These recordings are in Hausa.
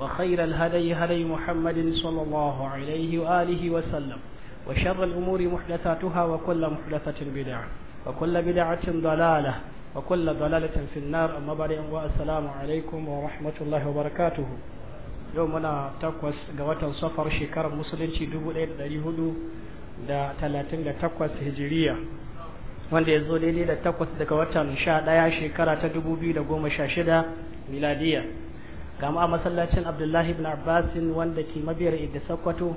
وخير الهدي هدي محمد صلى الله عليه وآله وسلم وشر الأمور محدثاتها وكل محدثة بدعة وكل بدعة ضلالة وكل ضلالة في النار أما بعد السلام عليكم ورحمة الله وبركاته يومنا تقوس قوات صفر شكر مسلم شدوب الأيد اليهود دا تلاتين da takwas hijiriya wanda ya zo daidai da takwas daga watan sha ɗaya shekara ta dubu gama a masallacin abdullahi ibn abbasin wanda ke mabiyar idda sakkwato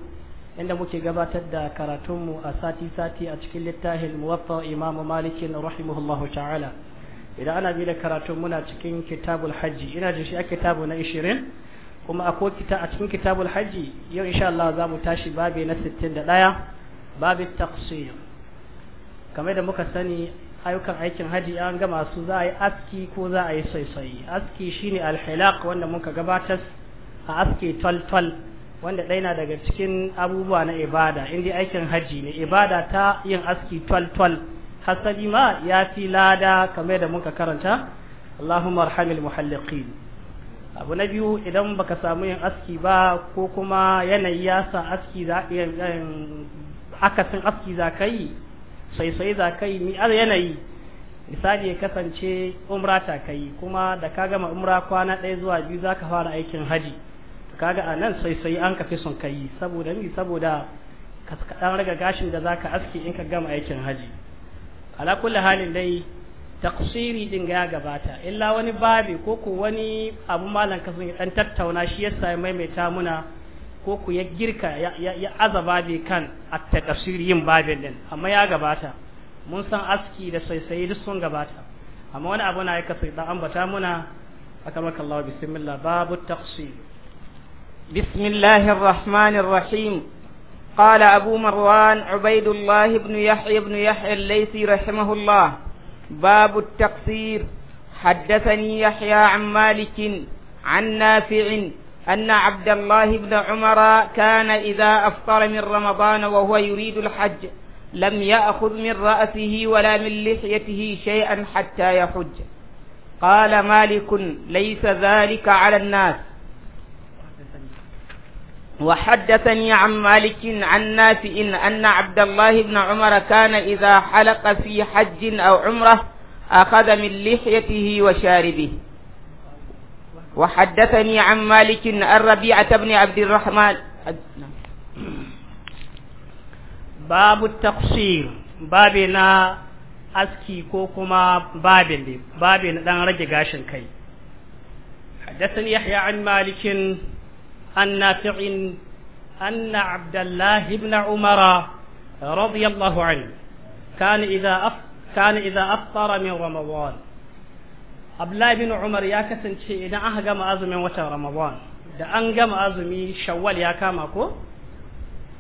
inda muke gabatar da karatunmu a sati-sati a cikin littafin muwaffa imamu malikin rahimahullahu ta'ala idan ana bi da karatun muna cikin kitabul hajji ina jin shi a kitabu na 20 kuma akwai kita a cikin kitabul hajji yau insha Allah za mu tashi babi na 61 babu taqsir kamar da muka sani ayyukan aikin haji an gama su za a yi aski ko za a yi saisayi aski shine alhilaq wanda muka gabatar a aski tol twal wanda ɗaya na daga cikin abubuwa na ibada inda aikin haji ne ibada ta yin aski tol-tol hasali ma ya fi lada kamar da muka karanta Allahumma arhamil muhalliqin abu na biyu idan baka samu yin aski ba ko kuma yanayi ya sa aski za akasin aski za ka yi sai za yi ni ala yanayi misali ya kasance umra ta kai kuma da ka gama umra kwana ɗaya zuwa biyu za ka fara aikin haji kaga a nan sai sai an fi sun kai saboda mi saboda ka ɗan raga gashin da za ka aske in ka gama aikin haji ala kulli halin dai taqsiri din ga gabata illa wani babi ko ko wani abu malan ka sun dan tattauna shi yasa maimaita muna ko ku ya girka ya azaba bai kan a taƙashir yin babin din amma ya gabata mun san aski da saisayi duk sun gabata amma wani abu na aika saiɗa an bata muna a kama kallawa bismillah babu taƙashi bismillahir rahmanir qala abu marwan ubaidullah yahya ibn yahya laysi rahimahullah أن عبد الله بن عمر كان إذا أفطر من رمضان وهو يريد الحج لم يأخذ من رأسه ولا من لحيته شيئا حتى يحج قال مالك ليس ذلك على الناس وحدثني عن مالك عن إن أن عبد الله بن عمر كان إذا حلق في حج أو عمره أخذ من لحيته وشاربه وحدثني عن مالك الربيعة بن عبد الرحمن باب التقصير بابنا أسكي كوكما kuma babin ne babin dan rage حدثني يحيى عن مالك عن نافع أن عبد الله بن عمر رضي الله عنه كان إذا أف... كان إذا أفطر من رمضان Abdullahi bin Umar ya kasance idan aka gama azumin watan Ramadan da an gama azumi Shawwal ya kama ko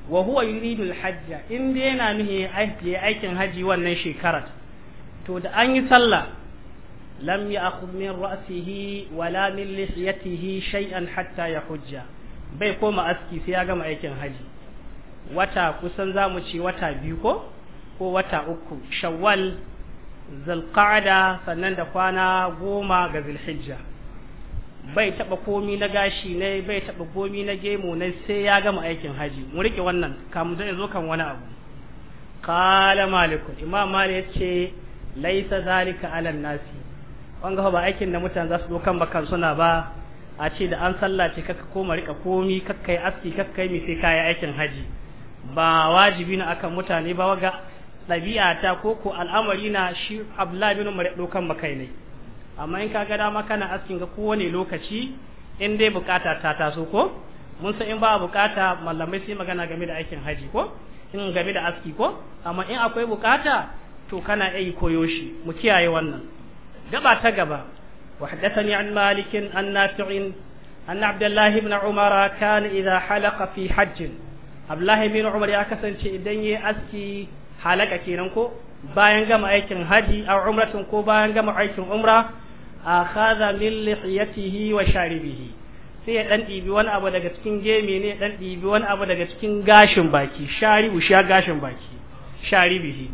wa huwa yuridu al-hajj in dai yana nuhi aiki aikin haji wannan shekarar to da an yi sallah lam ya'khudh min ra'sihi wala min lihiyatihi shay'an hatta yahujja bai koma aski sai ya gama aikin haji wata kusan zamu ci wata biyu ko ko wata uku Shawwal zalqa'ada sannan da kwana goma ga zilhijja bai taba komi na gashi ne bai taba komi na gemu ne sai ya gama aikin haji mu rike wannan kamun zai zo kan wani abu qala malik imam malik yace laisa zalika ala nasi wanga ba aikin da mutane za su zo kan bakan suna ba a ce da an sallace kaka koma rika komi kakkai aski kakkai mi sai kaya aikin haji ba wajibi ne akan mutane ba waga ɗabi'a ta ko ko al'amari na shi abdullahi bin umar dokan makai ne amma in kaga dama kana askin ga kowane lokaci in dai bukata ta taso ko mun san in ba bukata mallamai sai magana game da aikin haji ko in game da aski ko amma in akwai bukata to kana yi koyo shi mu kiyaye wannan gaba ta gaba wa haddathani an malik an أن عبد الله بن عمر كان halaka kenan ko bayan gama aikin haji a umratun ko bayan gama aikin umra a khaza min lihiyatihi wa sharibihi sai ya dan dibi wani abu daga cikin gemi ne ya dan dibi wani abu daga cikin gashin baki sharibu sha gashin baki sharibihi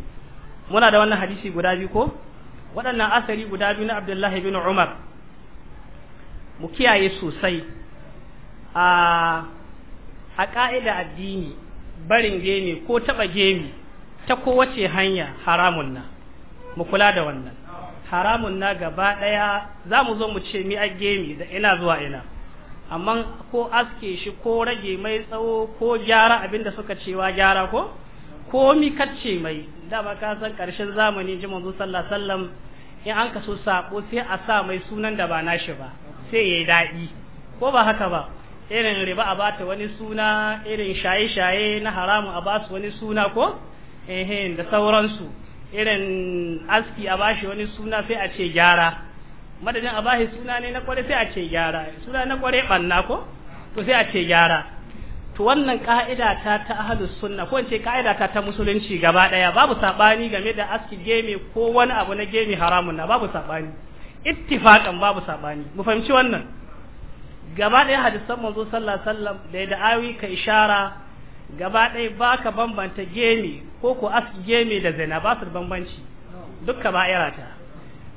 muna da wannan hadisi guda biyu ko waɗannan asari guda biyu na abdullahi bin umar mu kiyaye sosai a a ƙa'ida addini barin gemi ko taɓa gemi ta kowace hanya haramun na mu kula da wannan haramun na gaba ɗaya za mu zo mu ce mi a gemi da ina zuwa ina amma ko aske shi ko rage mai tsawo ko gyara abin da suka cewa gyara ko ko mi kacce mai dama ka san karshen zamani ji manzo sallallahu in an kaso sabo sai a sa mai sunan da ba nashi ba sai yayi daɗi ko ba haka ba irin riba a bata wani suna irin shaye-shaye na haramun a basu wani suna ko ehe da sauransu irin aski a bashi wani suna sai a ce gyara madadin a bashi suna ne na kware sai a ce gyara suna na kware banna ko to sai a ce gyara to wannan ka'ida ta ta ahlus sunna ko ce ka'ida ta ta musulunci gaba daya babu sabani game da aski game ko wani abu na game haramun na babu sabani ittifaqan babu sabani mu fahimci wannan gaba daya hadisan manzo sallallahu alaihi wasallam da da awi ka ishara gaba ɗaya ba ka bambanta gemi ko ku aski gemi da zina ba su bambanci dukka ba irata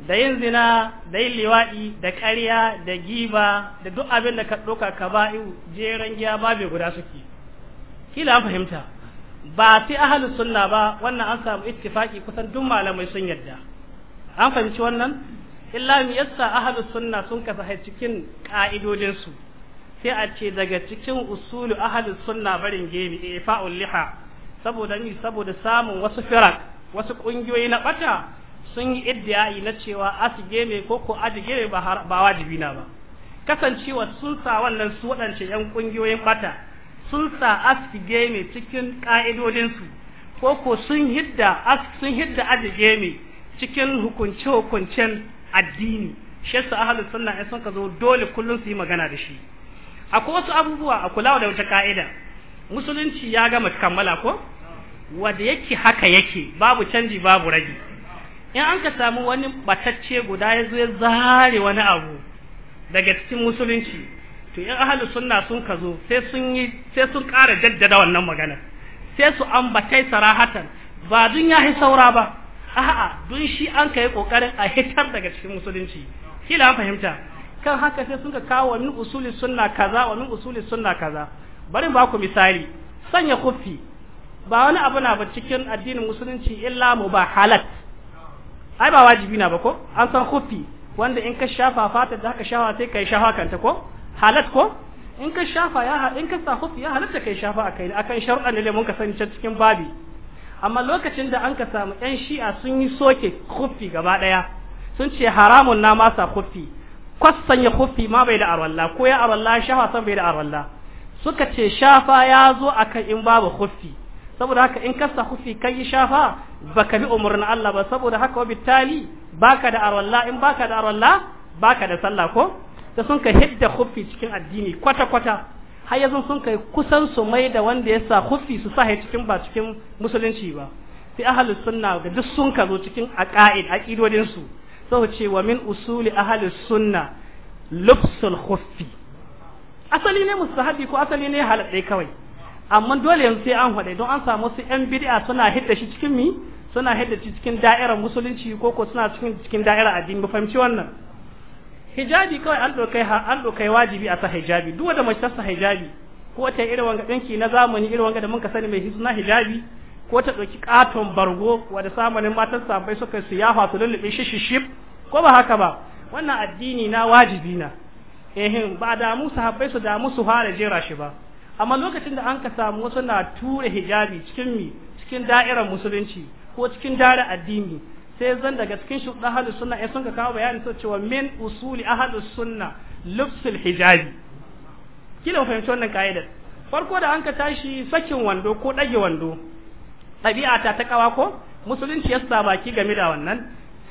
da yin zina da yin liwaɗi da ƙarya da giba da duk abin da ka ɗauka ka ba jeren giya ba bai guda suke kila fahimta ba sai halin sunna ba wannan an samu ittifaki kusan duk malamai sun yadda an fahimci wannan illa mi a halin sunna sun kasa cikin ka'idodinsu sai a ce daga cikin usulu ahalin sunna barin gemi ifa'ul eh, liha saboda ni saboda samun wasu firak wasu kungiyoyi na bata sun yi iddiyayi na cewa asu geme ko ko aji gemi ba wajibi na ba kasancewa sun sa wannan su waɗance yan kungiyoyin bata sun sa aski gemi cikin ka'idodinsu ko ko sun hidda sun hidda aji gemi cikin hukunce hukuncen addini shi su ahalin sunna sun zo dole kullum su yi magana da shi akwai wasu abubuwa a kula da wata ka'ida musulunci ya gama kammala ko wanda yake haka yake babu canji babu rage in an ka samu wani batacce guda ya zo ya zare wani abu daga cikin musulunci to in ahalus sunna sun ka zo sai sun yi sai sun ƙara jaddada wannan magana sai su ambatai sarahatan ba dun ya saura ba a'a dun shi an ka yi kokarin a hitar daga cikin musulunci kila fahimta kan haka sai suka kawo wani usuli sunna kaza wani usuli sunna kaza bari ba ku misali sanya kuffi ba wani abu na ba cikin addinin musulunci illa mu ba halat ai ba wajibi na ba ko an san kuffi wanda in ka shafa fatar da haka shafa sai kai shafa kanta ko halat ko in ka shafa ya in ka sa kuffi ya halatta kai shafa akai akan shar'an ne mun ka sani cikin babi amma lokacin da an ka samu yan shi'a sun yi soke kuffi gaba daya sun ce haramun na masa kuffi ya hufi ma bai da arwalla ko ya arwalla shafa san bai da arwalla suka ce shafa ya zo a kan in babu hufi saboda haka in kasa hufi kan yi shafa ba ka bi umarnin Allah ba saboda haka wa bitali ka da arwalla in ba ka da arwalla ka da sallah ko da sun ka hidda hufi cikin addini kwata kwata har yanzu sun kai kusan su mai da wanda ya sa hufi su sa cikin ba cikin musulunci ba sai ahlus sunna da duk sun ka zo cikin aqaid aqidodin su sau ce wa min usuli ahli sunna lubsul khuffi asali ne mustahabi ko asali ne halalle kawai amma dole yanzu sai an hade don an samu su yan bid'a suna hidda shi cikin mi suna hidda shi cikin da'irar musulunci ko ko suna cikin cikin da'irar addini ba fahimci wannan hijabi kawai an dokai an dokai wajibi a sa hijabi duk wanda mace ta sa hijabi ko ta irin wanga dinki na zamani irin wanga da mun ka sani mai hizna hijabi ko ta ɗauki ƙaton bargo wanda samanin matan sabai suka siyafa su lullube shi shi ko ba haka ba wannan addini na wajibi na ehin ba a damu sahabbai su damu su fara jera shi ba amma lokacin da an ka samu wasu na tura hijabi cikin mi cikin da'irar musulunci ko cikin da'irar addini sai zan daga cikin shuɗa halin sunna ya sun ka kawo bayani sun cewa min usuli halin sunna lufsul hijabi kila fahimci wannan ka'idar farko da an ka tashi sakin wando ko ɗage wando ɗabi'a ta ta kawa ko musulunci ya sa baki game da wannan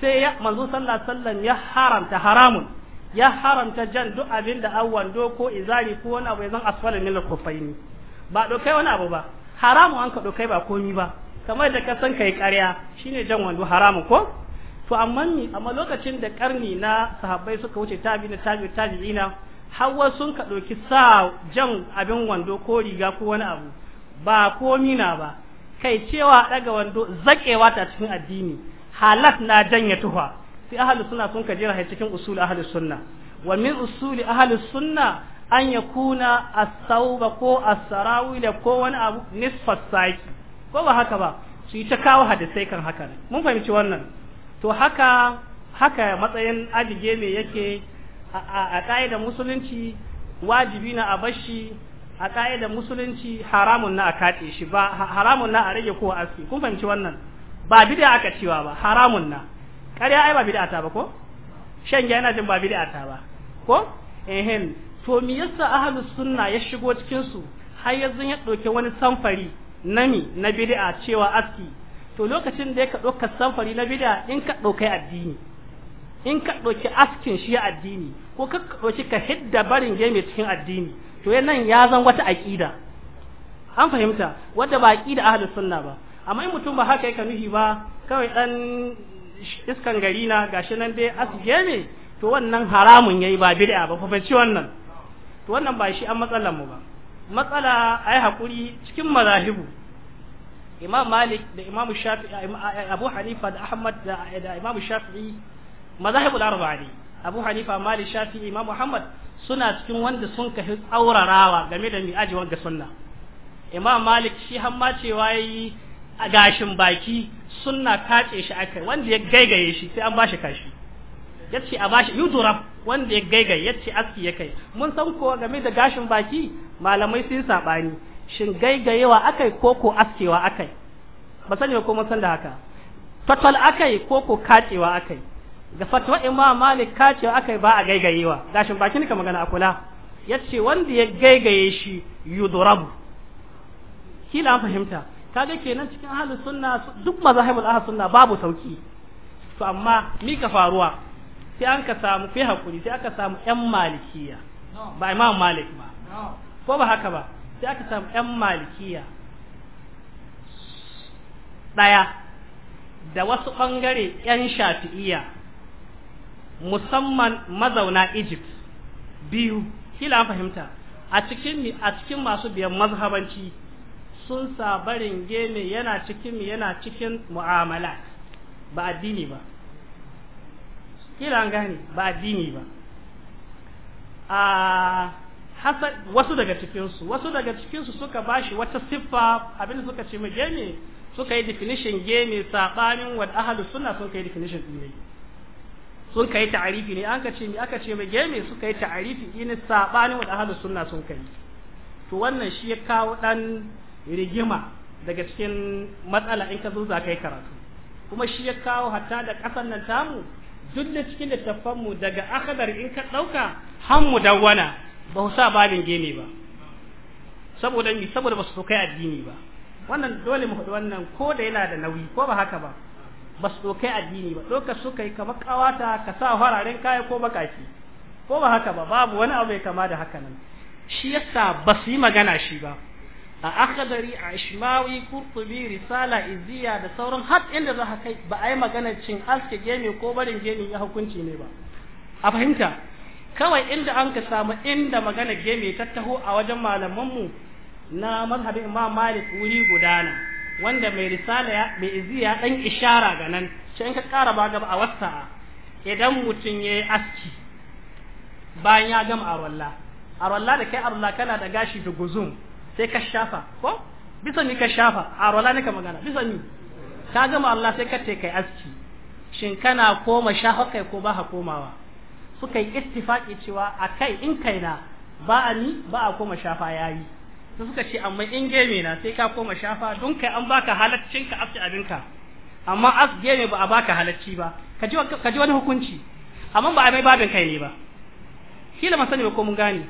sai ya manzo sallallahu alaihi ya haramta haramun ya haramta jan duk abin da an wando ko izari ko wani abu ya zan asfala min al ba dokai wani abu ba haramu an ka dokai ba komi ba kamar da ka san kai ƙarya shine jan wando haramu ko to amma ni amma lokacin da karni na sahabbai suka wuce tabi tabi'ina tabi tabi'ina hawa sun ka ɗauki sa jan abin wando ko riga ko wani abu ba komi na ba kai cewa daga wando zakewa ta cikin addini halat na janya tuha sai ahlus sunna sun ka jira cikin usul ahlus sunna wa min usuli ahlus sunna an yakuna as-sauba ko as da ko wani abu nisfa saki ko ba haka ba su yi ta kawo hadisai kan haka mun fahimci wannan to haka haka matsayin ajige me yake a da musulunci wajibi na a bashi a ka'idar musulunci haramun na a kaɗe shi ba haramun na a rage ko aski kun fahimci wannan ba bid'a aka cewa ba haramun na ƙarya ai ba bid'a ta ba ko shan giya yana jin ba bid'a ta ba ko to mi yasa ahlus sunna ya shigo cikin su har yanzu ya ɗauki wani samfari nami na bid'a cewa aski to lokacin da ya ka ɗauka samfari na bid'a in ka ɗaukai addini in ka ɗauki askin shi addini ko ka ɗauki ka hidda barin game cikin addini to nan ya zan wata aƙida an fahimta wadda ba aƙida ahlus sunna ba amma in mutum ba haka yake nuhi ba kawai ɗan iskan gari na gashi nan dai as ne to wannan haramun yayi ba bid'a ba fa wannan to wannan ba shi an matsalar mu ba matsala ai hakuri cikin mazahibu imam malik da imam shafi'i abu hanifa da ahmad da imam shafi'i mazahibul arba'a ne Abu Hanifa Malik shafi Imam Muhammad suna cikin wanda sun kafi tsaurarawa game da mi'ajewar ga sunna Imam Malik shi hamma cewa yi a gashin baki sunna kace shi aka wanda ya gaigaye shi sai an bashi kashi ce a bashi yudurab wanda ya gaigaye ce aski ya kai mun san ko game da gashin baki malamai sun sabani shin gaigayewa akai ko ko askewa akai ba sani ko mun san da haka fatal akai ko ko kacewa akai Da fatwa imam malik ka ce akai ba a gaigayewa gashin bakin ka magana a kula yace wanda ya gaigaye shi yudrabu kila an fahimta kaga kenan cikin ahlus sunna duk mazahibul ahlus sunna babu sauki to amma mi ka faruwa sai an ka samu kai hakuri sai aka samu yan malikiya ba imam malik ba ko ba haka ba sai aka samu yan malikiya daya da wasu bangare yan shafi'iyya musamman mazauna Egypt biyu kila fahimta a cikin a cikin masu biyan mazhabanci sun sabarin gene yana cikin yana cikin mu'amala ba addini ba kila an gane ba addini ba a hasa wasu daga cikinsu wasu daga cikinsu suka bashi wata siffa da suka ce mai gene suka yi definition gene sabanin wa ahlus sunna sun kai definition din ne sun kai ta'arifi ne an ka ce mi aka ce mai game suka yi ta'arifi in sabani wa ahlus sunna sun kai to wannan shi ya kawo dan rigima daga cikin matsala in ka zo za kai karatu kuma shi ya kawo hatta da kasan nan tamu duk da cikin littafan mu daga akadar in ka dauka han mu dawwana ba sa babin game ba saboda ni saboda ba su kai addini ba wannan dole mu faɗi wannan ko da yana da nauyi ko ba haka ba ba su addini ba ɗaukar suka yi kamar ƙawata ka sa fararen kaya ko bakaki ko ba haka ba babu wani abu ya kama da haka nan shi yasa ba su yi magana shi ba a akhdari a ishmawi kurtubi risala iziya da sauran har inda za kai ba a yi maganar cin aske gemi ko barin gemi ya hukunci ne ba a fahimta kawai inda an ka samu inda magana gemi ta taho a wajen malamanmu na mazhabin imam malik wuri gudana wanda mai risala ya mai ya dan ishara ga nan sai in ka ƙara ba gaba a wasa idan mutum ya yi aski bayan ya gama a walla da kai arwalla kana da gashi da guzum sai ka shafa ko bisa ni ka shafa walla ne ka magana bisa ni ka gama Allah sai ka te kai aski shin kana koma shafa kai ko ba ka komawa suka yi ittifaki cewa a kai in kaina ba a ni ba a koma shafa yayi su suka ce amma in game na sai ka koma shafa don kai an baka halaccin ka afci abinka amma as game ba a baka halacci ba ka ji wani hukunci amma ba a mai babin kai ne ba kila ma sani ba ko mun gane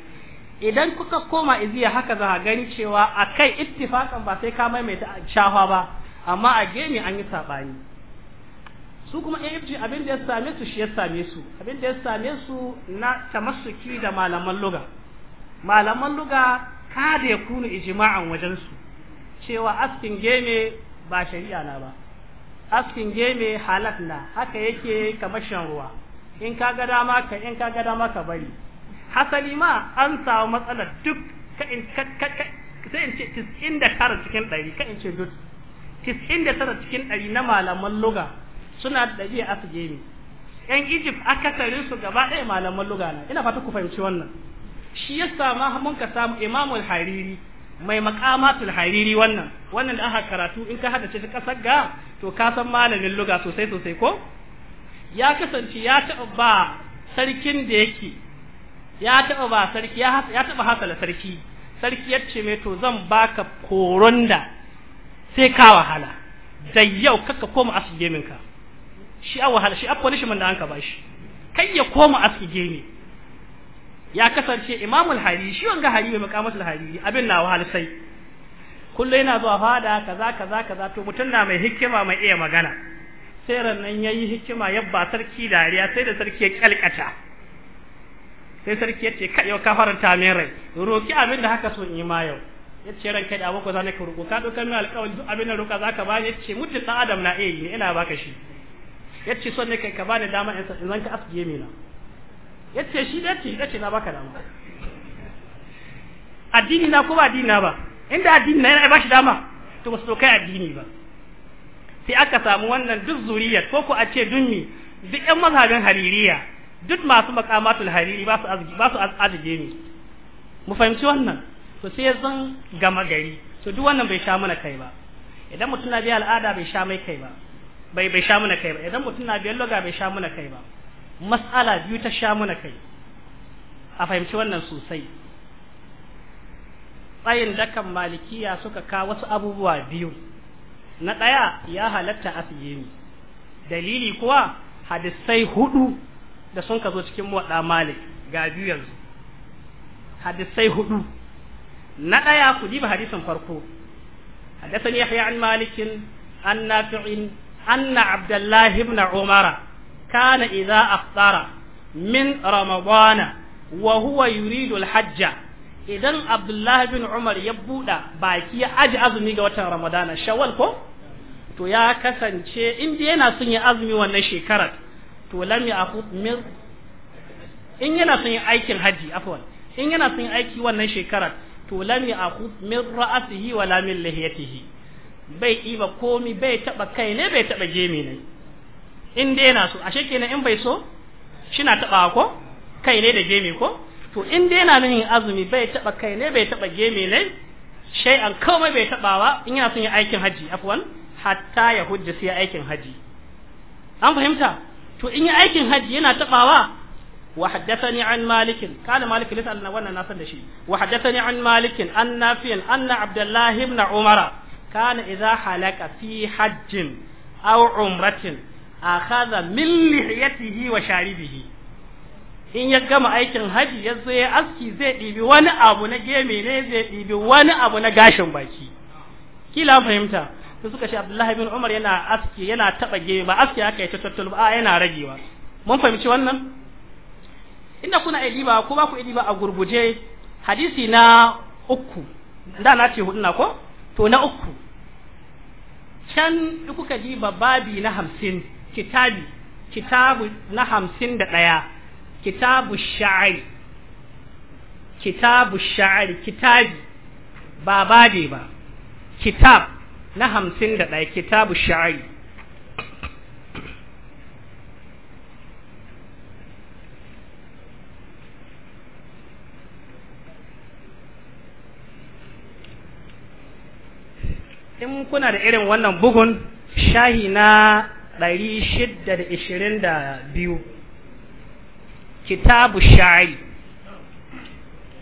idan kuka koma iziya haka za a gani cewa a kai ittifakan ba sai ka maimaita shafa ba amma a game an yi saɓani su kuma AFG abin da ya same su shi ya same su abin da ya same su na tamassuki da malaman luga malaman luga kada ya kunu ijma'an wajen su cewa askin geme ba shari'a na ba askin geme halat na haka yake kamar shan ruwa in ka ga dama ka in ka ga dama ka bari hasali ma an samu matsalar duk ka in ka ka sai in ce 99 cikin 100 ka in ce duk 99 cikin 100 na malaman luga suna da dabi'a geme yan Egypt akasarin su gaba ɗaya malaman luga na ina fata ku fahimci wannan shi ya sama mun ka samu imamul hariri mai makamatul hariri wannan wannan da aka karatu in ka hada ta kasar ga to ka san malamin luga sosai sosai ko ya kasance ya taɓa ba sarkin da yake ya taɓa ba sarki ya taɓa hasala sarki sarki ya ce mai to zan baka koron da sai ka wahala da yau kaka koma asige minka shi a wahala shi a punishment da an ka bashi kai ya koma asige ne ya kasance imamul hari shi wanga hari mai makamatul hari abin na wahal sai kullu yana zuwa fada kaza kaza kaza to mutum na mai hikima mai iya magana sai rannan yayi hikima yabba sarki dariya sai da sarki ya kalkata sai sarki ya ce ka yau ka faranta min rai roki abin da haka so in yi ma yau yace ran kai da aboko zan ka roƙo ka dokar min alƙawari duk abin da za zaka ba ya ce mutu dan adam na iya yi ina baka shi yace son ne kai ka bani dama in zan ka asgiye mina yace shi yace yace na baka dama addini na ko ba addini na ba inda addini na yana ba shi dama to ba su kai addini ba sai aka samu wannan duk zuriyar ko ko a ce dummi duk yan mazhabin haririya duk masu makamatul hariri ba su azgi ba su azge ne mu fahimci wannan to sai zan gama gari to duk wannan bai sha mana kai ba idan mutum na biya al'ada bai sha mai kai ba bai bai sha mana kai ba idan mutum na biya loga bai sha mana kai ba mas'ala biyu ta sha muna kai a fahimci wannan sosai tsayin dakan malikiya suka ka wasu abubuwa biyu na ɗaya ya halatta a dalili kuwa hadisai hudu da sun ka zo cikin waɗa malik ga biyu yanzu hadisai hudu na ɗaya ku diba hadisin farko حدثني يحيى عن مالك عن نافع أن عبد الله بن عمر kana a aftara min ramadana wa huwa yuridu alhajja idan abdullahi bin umar ya buɗa baki ya aji azumi ga watan ramadana shawwal ko to ya kasance in yana son ya azumi wannan shekarar to lam ya min in yana son yin aiki wannan shekarar to lam ya min ra'atihi wa min lihiyatihi bai iba komi bai taba kai ne bai taba gemi ne in dai yana so ashe kenan in bai so shi na taɓa ko kai ne da gemi ko to in dai yana nan azumi bai taɓa kai ne bai taɓa gemi ne shai an komai bai taɓawa in ya sun yi aikin hajji afwan hatta ya hujja sai aikin hajji an fahimta to in yi aikin hajji yana taɓawa wa haddathani an malikin kana malikin lisa annan wannan na san da shi wa haddathani an malikin an nafiyan anna abdullahi ibn umara kana idza halaka fi hajjin aw umratin akhadha min lihiyatihi wa sharibihi in ya gama aikin haji ya zo ya aski zai ɗibi wani abu na geme ne zai ɗibi wani abu na gashin baki kila fahimta su suka ce abdullahi bin umar yana aski yana taɓa geme ba aski aka yi ta tattal ba yana ragewa mun fahimci wannan inda kuna ɗiba ko ba ku ɗiba a gurguje hadisi na uku da na ce hudu na ko to na uku can kuka diba babi na hamsin kitabi kitabu na hamsin da ɗaya kitabu sha'ari kitabu sha'ari kitabi ba bade ba kitab na hamsin da ɗaya kitabu sha'ari in kuna da irin wannan bugun shahi na ɗari shidda da ishirin da biyu kitabu sha'ari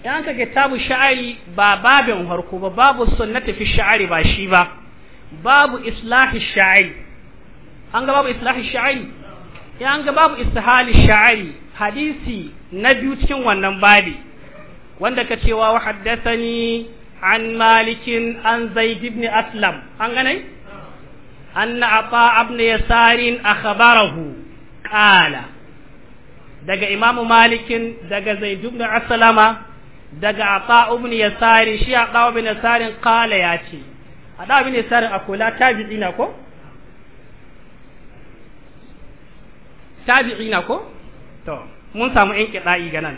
yan ka kitabu sha'ari ba babin harko ba babu sunnati fi sha'ari ba shi ba babu islahi sha'ari an ga babu islahi sha'ari yan ga babu istihali sha'ari hadisi na biyu cikin wannan babi wanda ka cewa wa haddathani an malikin an zaid ibn aslam an ganai أن عطاء بن يسار أخبره قال daga imamu malikin daga zaid ibn aslama daga ata ibn yasari shi ata ibn yasari kala ya ce ata ibn yasari akola tabi'ina ko tabi'ina ko to mun samu in kida'i ga nan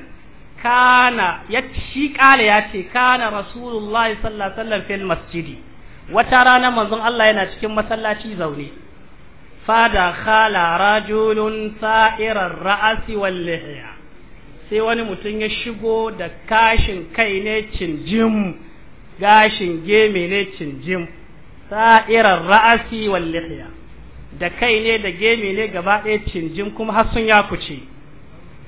kana ya shi kala ya ce kana rasulullahi sallallahu alaihi fil masjidi wata rana manzon Allah yana cikin masallaci zaune fada khala rajulun sa'irar ra'asi wal lihiya sai wani mutum ya shigo da kashin kai ne cinjim gashin geme ne cinjim sa'irar ra'asi wal lihiya da kai ne da geme ne gaba ɗaya cinjim kuma har sun ya kuce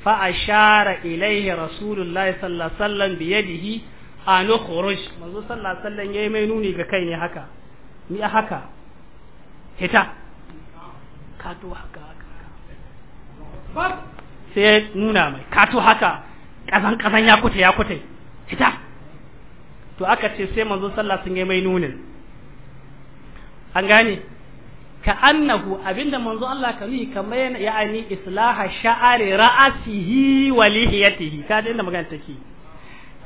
fa ashara ilaihi rasulullahi sallallahu alaihi wasallam bi yadihi anu khuruj manzo sallallahu alaihi wasallam yayi mai nuni ga kai ne haka ni a haka hita ka to haka sai nuna mai ka to haka kazan kazan ya kute ya kute hita to aka ce sai manzo sallallahu alaihi wasallam yayi mai nunin an gane ka annahu abinda manzo Allah ka nuni kamar yana ya'ani islaha sha'ari ra'asihi wa lihiyatihi ka da inda magana take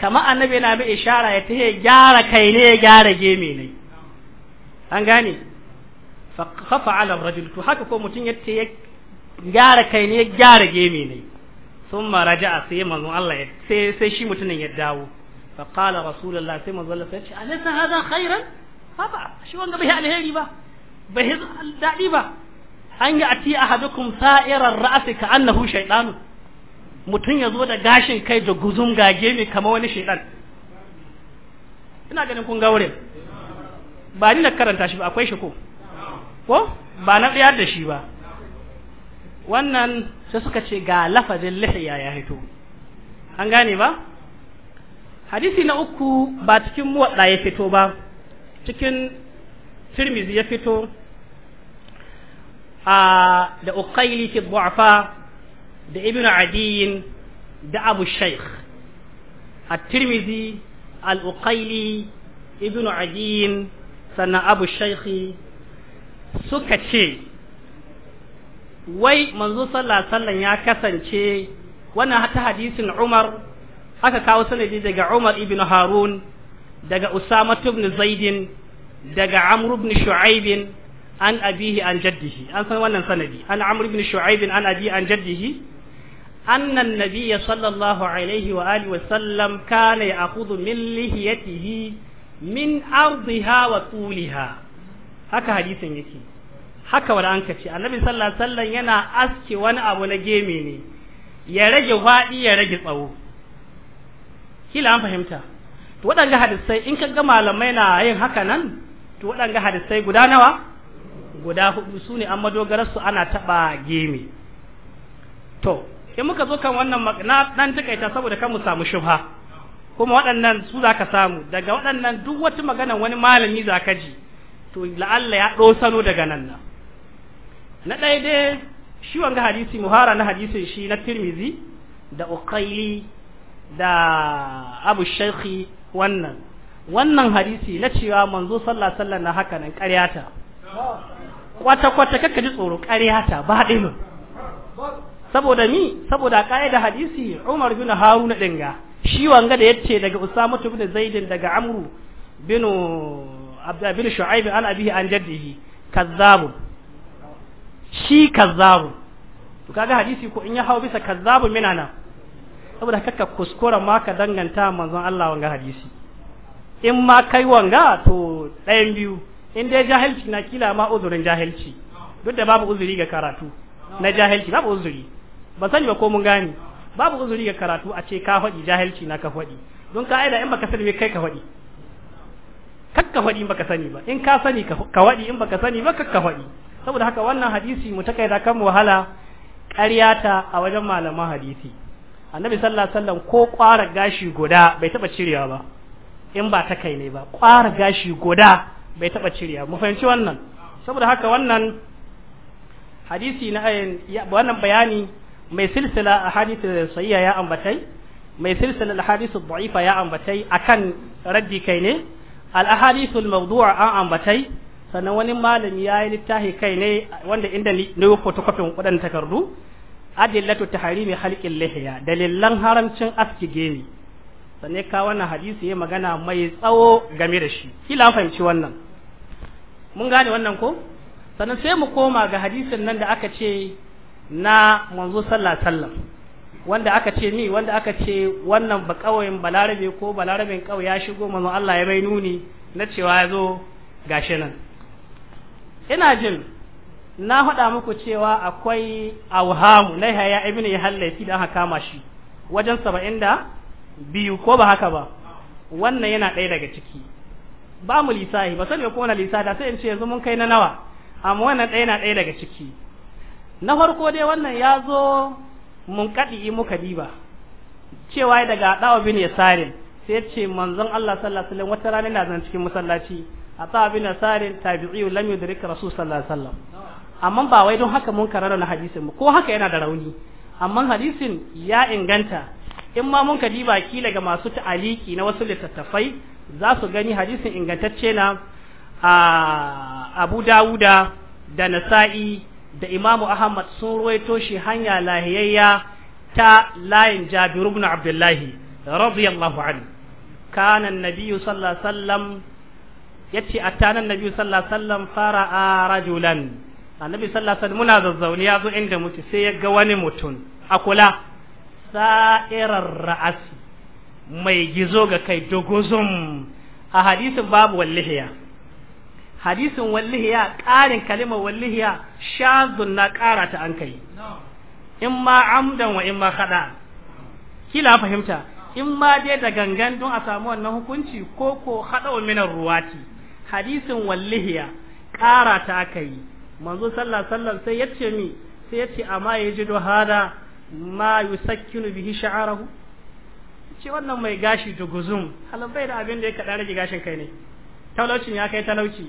kama annabi yana mai ishara ya tahe gyara kai ne ya gyara geme ne an gane fa khafa ala rajul to haka ko mutun ya tahe gyara kai ne ya gyara geme ne thumma raja'a sai manzon Allah ya sai sai shi mutumin ya dawo fa qala rasulullah sai manzon Allah sai ce alaysa hadha khairan haba shi wanga bai alheri ba bai dadi ba an yi ati ahadukum sa'irar ra'si ka annahu shaytanu mutum ya zo da gashin kai da guzum gage mai kama wani shaidan ina ganin kun ga wurin ba ni na karanta shi ba akwai shi ko ko ba na tsayar da shi ba wannan sai suka ce ga lafazin lihiya ya hito an gane ba hadisi na uku ba cikin muwadda ya fito ba cikin tirmizi ya fito a da uqaili fi du'afa da ibn adiyin da abu shaykh at-tirmidhi al-uqayli ibn adiyin sannan abu shaykh suka ce wai manzo sallallahu alaihi ya kasance wannan hata hadisin Umar aka kawo sanadi daga Umar ibn Harun daga Usama ibn Zaid daga Amr ibn Shu'aib an abihi an jaddihi an san wannan sanadi an Amr ibn Shu'aib an abi an jaddihi أن النبي صلى الله عليه وآله وسلم كان يأخذ من لحيته من أرضها وطولها هكا حديث يكي haka wani an kace annabi sallallahu alaihi wasallam yana aske wani abu na geme ne ya rage faɗi ya rage tsawo kila an fahimta to waɗanga hadisai in ka ga malamai na yin haka nan to waɗanga hadisai guda nawa guda hudu su ne an madogarar ana taɓa geme to in muka zo kan wannan na dan takaita saboda kan mu samu shubha kuma waɗannan su zaka samu daga waɗannan duk wata magana wani malami zaka ji to la'alla ya ɗosano daga nan na na ɗaya dai shi wanga hadisi muhara na hadisin shi na tirmizi da ukaili da abu shaikhi wannan wannan hadisi na cewa manzo sallah sallah na haka nan ƙaryata kwata-kwata kakka ji tsoro ƙaryata ba ɗin. saboda mi saboda kaida hadisi Umar bin Haruna ga shi wanga da yace daga Usama bin Zaid daga Amru bin Abdullah bin Shu'aib an abihi an jaddihi kazzab shi kazzab to kaga hadisi ko in ya hawo bisa kazzab mina nan saboda kakka kuskura ma ka danganta manzon Allah wanga hadisi in ma kai wanga to ɗayan biyu in dai jahilci na kila ma uzurin jahilci duk da babu uzuri ga karatu na jahilci babu uzuri ba sani ba ko mun gane babu uzuri ga karatu a ce ka faɗi jahilci na ka faɗi don ka'ida in baka sani kai ka faɗi kak ka faɗi in baka sani ba in ka sani ka faɗi in baka sani ba kak ka faɗi saboda haka wannan hadisi mu takaita kan wahala ƙaryata a wajen malaman hadisi annabi sallallahu alaihi wasallam ko ƙwara gashi guda bai taɓa cirewa ba in ba ta kai ne ba ƙwara gashi guda bai taɓa cirewa mu fahimci wannan saboda haka wannan hadisi na eh, wannan bayani mai silsila a hadisun sayya ya ambatai mai silsila a hadisun ba'ifa ya ambatai akan raddi kai ne al'ahadisun an ambatai sannan wani malami ya yi littafi kai ne wanda inda ne fotokofin waɗannan takardu adillatu tahrimi halqil lahiya dalilan haramcin aski gene, sannan ka wannan hadisi ya magana mai tsawo game da shi kila fahimci wannan mun gane wannan ko sannan sai mu koma ga hadisin nan da aka ce na manzo sallallahu wasallam wanda aka ce ni wanda aka ce wannan ba kauyen balarabe ko balaraben kauye ya shigo manzo Allah ya bai nuni na cewa ya zo gashi nan ina jin na haɗa muku cewa akwai awhamu na haya ibn yahallafi da aka kama shi wajen 72 ko ba haka ba wannan yana ɗaya daga ciki ba mu lisahi ba ne ko na lisa da sai in ce yanzu mun kai na nawa amma wannan ɗaya na ɗaya daga ciki na farko dai wannan ya zo mun kaɗi muka diba cewa daga ɗawa bin yasarin sai ce manzon Allah sallallahu alaihi wata rana na zan cikin masallaci a ɗawa bin yasarin tabi'i lam yudrik rasul sallallahu alaihi wasallam amma ba wai don haka mun karara na hadisin ko haka yana da rauni amma hadisin ya inganta in ma mun ka diba kila ga masu ta'aliki na wasu littattafai za su gani hadisin ingantacce na a ah, Abu Dawuda da Nasa'i da imamu ahmad sun ruwaito shi hanya lahiyayya ta layin jabir ibn abdullahi radiyallahu anhu kana annabiyyu sallallahu alaihi wasallam yace attana annabiyyu sallallahu alaihi wasallam fara'a rajulan annabi sallallahu alaihi wasallam muna zazzauni ya zo inda mutu sai ya ga wani mutum akula sa'irar ra'asi mai gizo ga kai dogozum a hadisin babu wallihiya hadisin wallihiya ƙarin kalimar wallihiya shazun na ƙara ta an kai in ma amdan wa in ma kada kila fahimta in ma dai da gangan don a samu wannan hukunci ko ko hada wa minar ruwati hadisin wallihiya ƙara ta aka yi manzo sallallahu sallam sai yace mi sai yace amma yajidu hada ma yusakkinu bihi sha'arahu ce wannan mai gashi da guzum halabai da abin da ya kada rage gashin kai ne talaucin ya kai talauci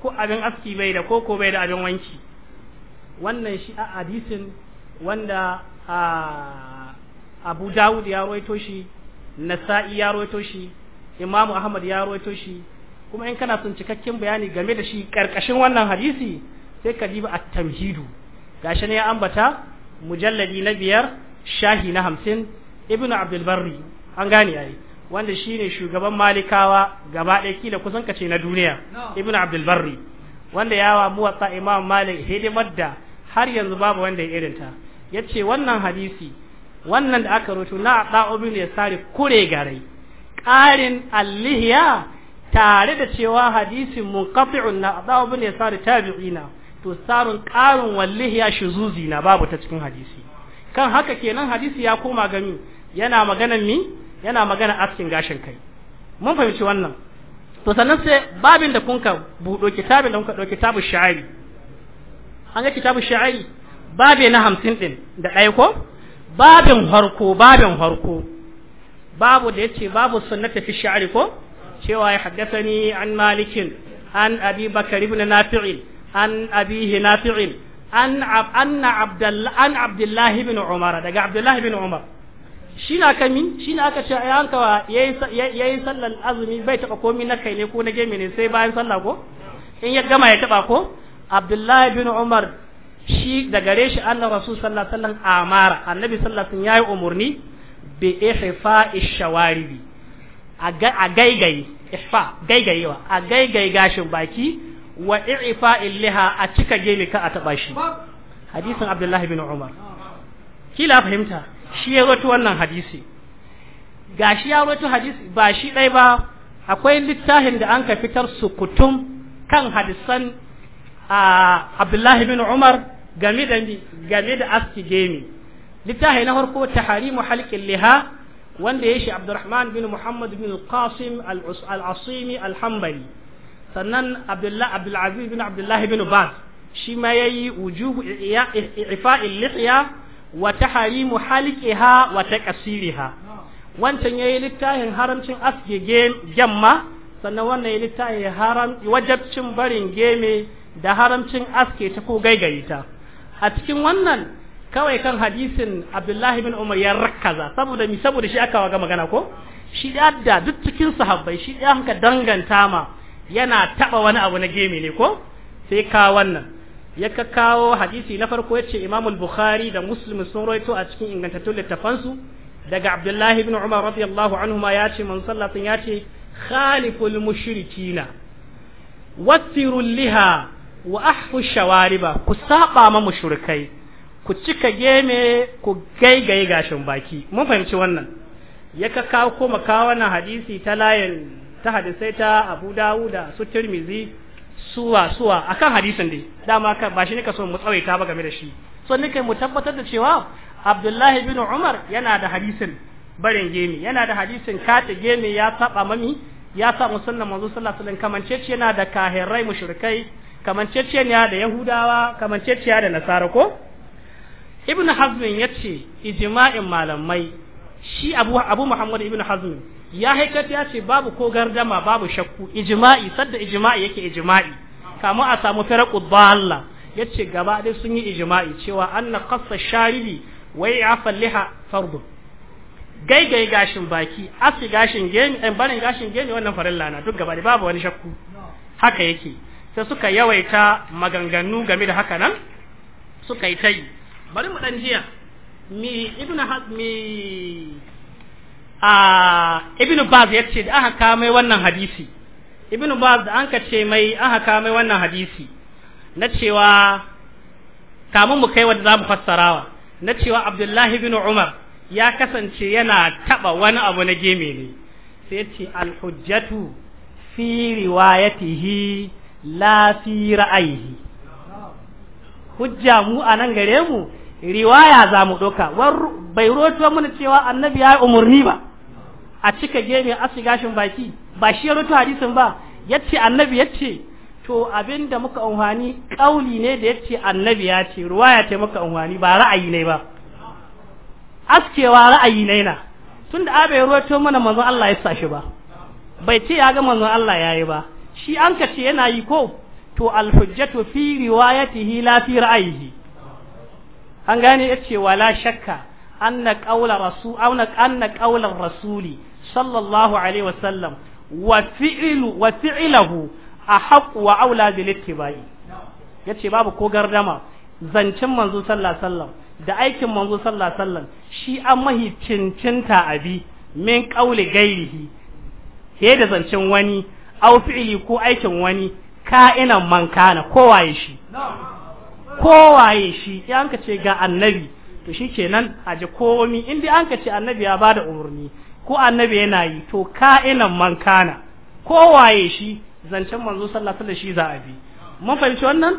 ko abin aski bai da koko bai da abin wanki wannan shi a hadisin wanda a abu dawud ya roito shi nasa'i ya roito shi imamu ahmad ya roito shi kuma in kana son cikakken bayani game da shi karkashin wannan hadisi sai ka diba at-tamhidu gashi ne ya ambata mujalladi na biyar shahi na hamsin ibnu abdul barri an gane yayi wanda shi ne shugaban malikawa gaba ɗaya kila kusan kace na duniya Ibn abdul barri wanda ya wa wasa imam malik hidimar da har yanzu babu wanda ya irinta ce wannan hadisi wannan da aka rutu na da'u bin sare kure garai ƙarin allihiya tare da cewa hadisin munqati'un na da'u bin yasari tabi'ina to sarun ƙarin wallihiya shuzuzi na babu ta cikin hadisi kan haka kenan hadisi ya koma gami yana maganan mi yana magana askin gashin kai mun fahimci wannan to sannan sai babin da kunka buɗo kitabin da kunka ɗauki kitabu sha'ari an ga kitabu sha'ari babe na hamsin ɗin da ɗaya ko babin harko babin harko babu da yace babu sunnata fi sha'ari ko cewa ya haddathani an malikin an abi bakari ibn nafi'in an abihi nafi'in an anna abdullah an abdullahi ibn umar daga Abdullahi ibn umar shi na kami shi na aka ce ai ya yayi sallar azumi bai taba komi na kai ne ko na gemi ne sai bayan sallah ko in ya gama ya taba ko abdullahi bin umar shi da gare shi annan rasu sallallahu alaihi amara annabi sallallahu alaihi yayi umarni bi ihfa ishawaribi a gaigayi ihfa yawa a gaigayi gashin baki wa efe illiha a cika gemi ka a taba shi hadisin abdullahi bin umar kila fahimta shi ya rawaito wannan hadisi ga shi ya rawaito hadisi ba shi dai ba akwai littafin da an ka fitar su kutum kan hadisan Abdullahi bin Umar game da game da aski gemi littafin na farko taharimu halqil liha wanda ya shi Abdurrahman bin Muhammad bin Qasim al-Asimi al hambali sannan abdullahi Abdul Aziz bin abdullahi bin bas shi ma yayi wujuhu i'fa'il lihiya wa tahrimu ha wa kasiriha wancan yayi littafin haramcin aske gemma sannan wannan yayi littafin haram wajabcin barin geme da haramcin aske ta ko gaigayita ta a cikin wannan kawai kan hadisin Abdullahi bin Umar ya rakaza saboda mi saboda shi aka waga magana ko shi da duk cikin sahabbai shi da hanka danganta ma yana taba wani abu na geme ne ko sai ka wannan ya kakawo hadisi na farko yace Imam al-Bukhari da Muslim sun rawaito a cikin ingantattun littafansu daga Abdullah ibn Umar radiyallahu anhuma yace man sallatin yace khaliful mushrikina wasirul liha wa ahfu shawariba ku saba ma mushrikai ku cika geme ku gaigaye gashin baki mun fahimci wannan ya kakawo kawo kuma kawo wannan hadisi ta layin ta hadisai ta Abu Dawud da su Tirmidhi suwa suwa akan hadisin dai dama ka ba shi nika so mu tsawaita ba game da shi so nika mu tabbatar da cewa Abdullahi bin Umar yana da hadisin barin gemi yana da hadisin kata gemi ya saba mami ya sa musulman manzo sallallahu alaihi wasallam kamancece yana da kahirai mushrikai kamancece ne da yahudawa kamancece da nasara ko ibnu hazm yace ijma'in malamai shi abu abu muhammad ibnu hazm ya haikat ya ce babu ko gardama babu shakku ijma'i sadda ijma'i yake ijma'i kamu a samu farqu dalla yace gaba dai sun yi ijma'i cewa anna qassa sharibi wa ya'fa liha fardu gaigai gashin baki asi gashin gemi ɗan eh, barin gashin gemi wannan farilla na duk gaba dai babu wani shakku haka yake sai suka yawaita maganganu game da haka nan suka yi tayi bari mu dan jiya mi ibnu hazmi a ibnu baz ya ce da aka kawo mai wannan hadisi ibnu baz da an ka ce mai aka kawo mai wannan hadisi na cewa kamun mu kai wanda zamu fassarawa na cewa abdullahi ibn umar ya kasance yana taba wani abu na geme ne sai ya ce alhujjatu fi riwayatihi la fi ra'ayihi hujja mu anan gare mu riwaya za mu ɗauka bai rotuwa mana cewa annabi ya yi umarni ba a cika gene a gashin baki ba shi ya rutu hadisin ba yace annabi yace to abinda muka unhani kauli ne da yace annabi ya ce ruwaya ce muka unhani ba ra'ayi ne ba askewa ra'ayi ne na tunda abe ruwato mana manzon Allah ya sa shi ba bai ce ya ga manzon Allah yayi ba shi an ka ce yana yi ko to alhujjatu fi riwayatihi la fi ra'ayihi an gane yace wala shakka anna qawla rasul rasuli sallallahu alaihi wasallam wa fi'lu wa a haƙu wa aula yace babu ko gardama zancen manzo sallallahu alaihi wasallam da aikin manzo sallallahu alaihi wasallam shi an mahi cincinta abi min qauli gairihi he da zancen wani au fi'li ko aikin wani ka'inan man kana waye shi Ko waye shi ya anka ce ga annabi to shikenan aje komi indai anka ce annabi ya bada umurni ko annabi yana yi to ka'inan man kana ko waye shi zancen manzo sallallahu alaihi shi za bi mun fahimci wannan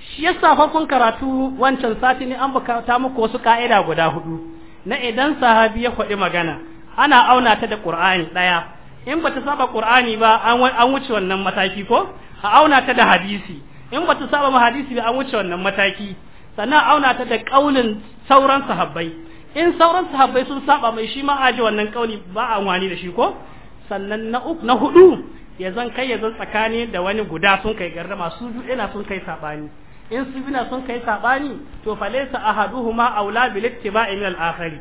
shi yasa farkon karatu wancan sati ne an bukata muku wasu ka'ida guda hudu na idan sahabi ya faɗi magana ana auna ta da qur'ani daya in bata saba qur'ani ba an wuce wannan mataki ko a auna ta da hadisi in bata saba mu hadisi ba an wuce wannan mataki sannan auna ta da kaulin sauran sahabbai in sauran sahabbai sun saba mai shi ma aje wannan kauli ba a wani da shi ko sannan na uku na hudu ya zan kai ya zan tsakani da wani guda sun kai gardama su biyu ina sun kai sabani in su bina sun kai sabani to falaysa ahaduhuma aula bil ittiba'i min al-akhari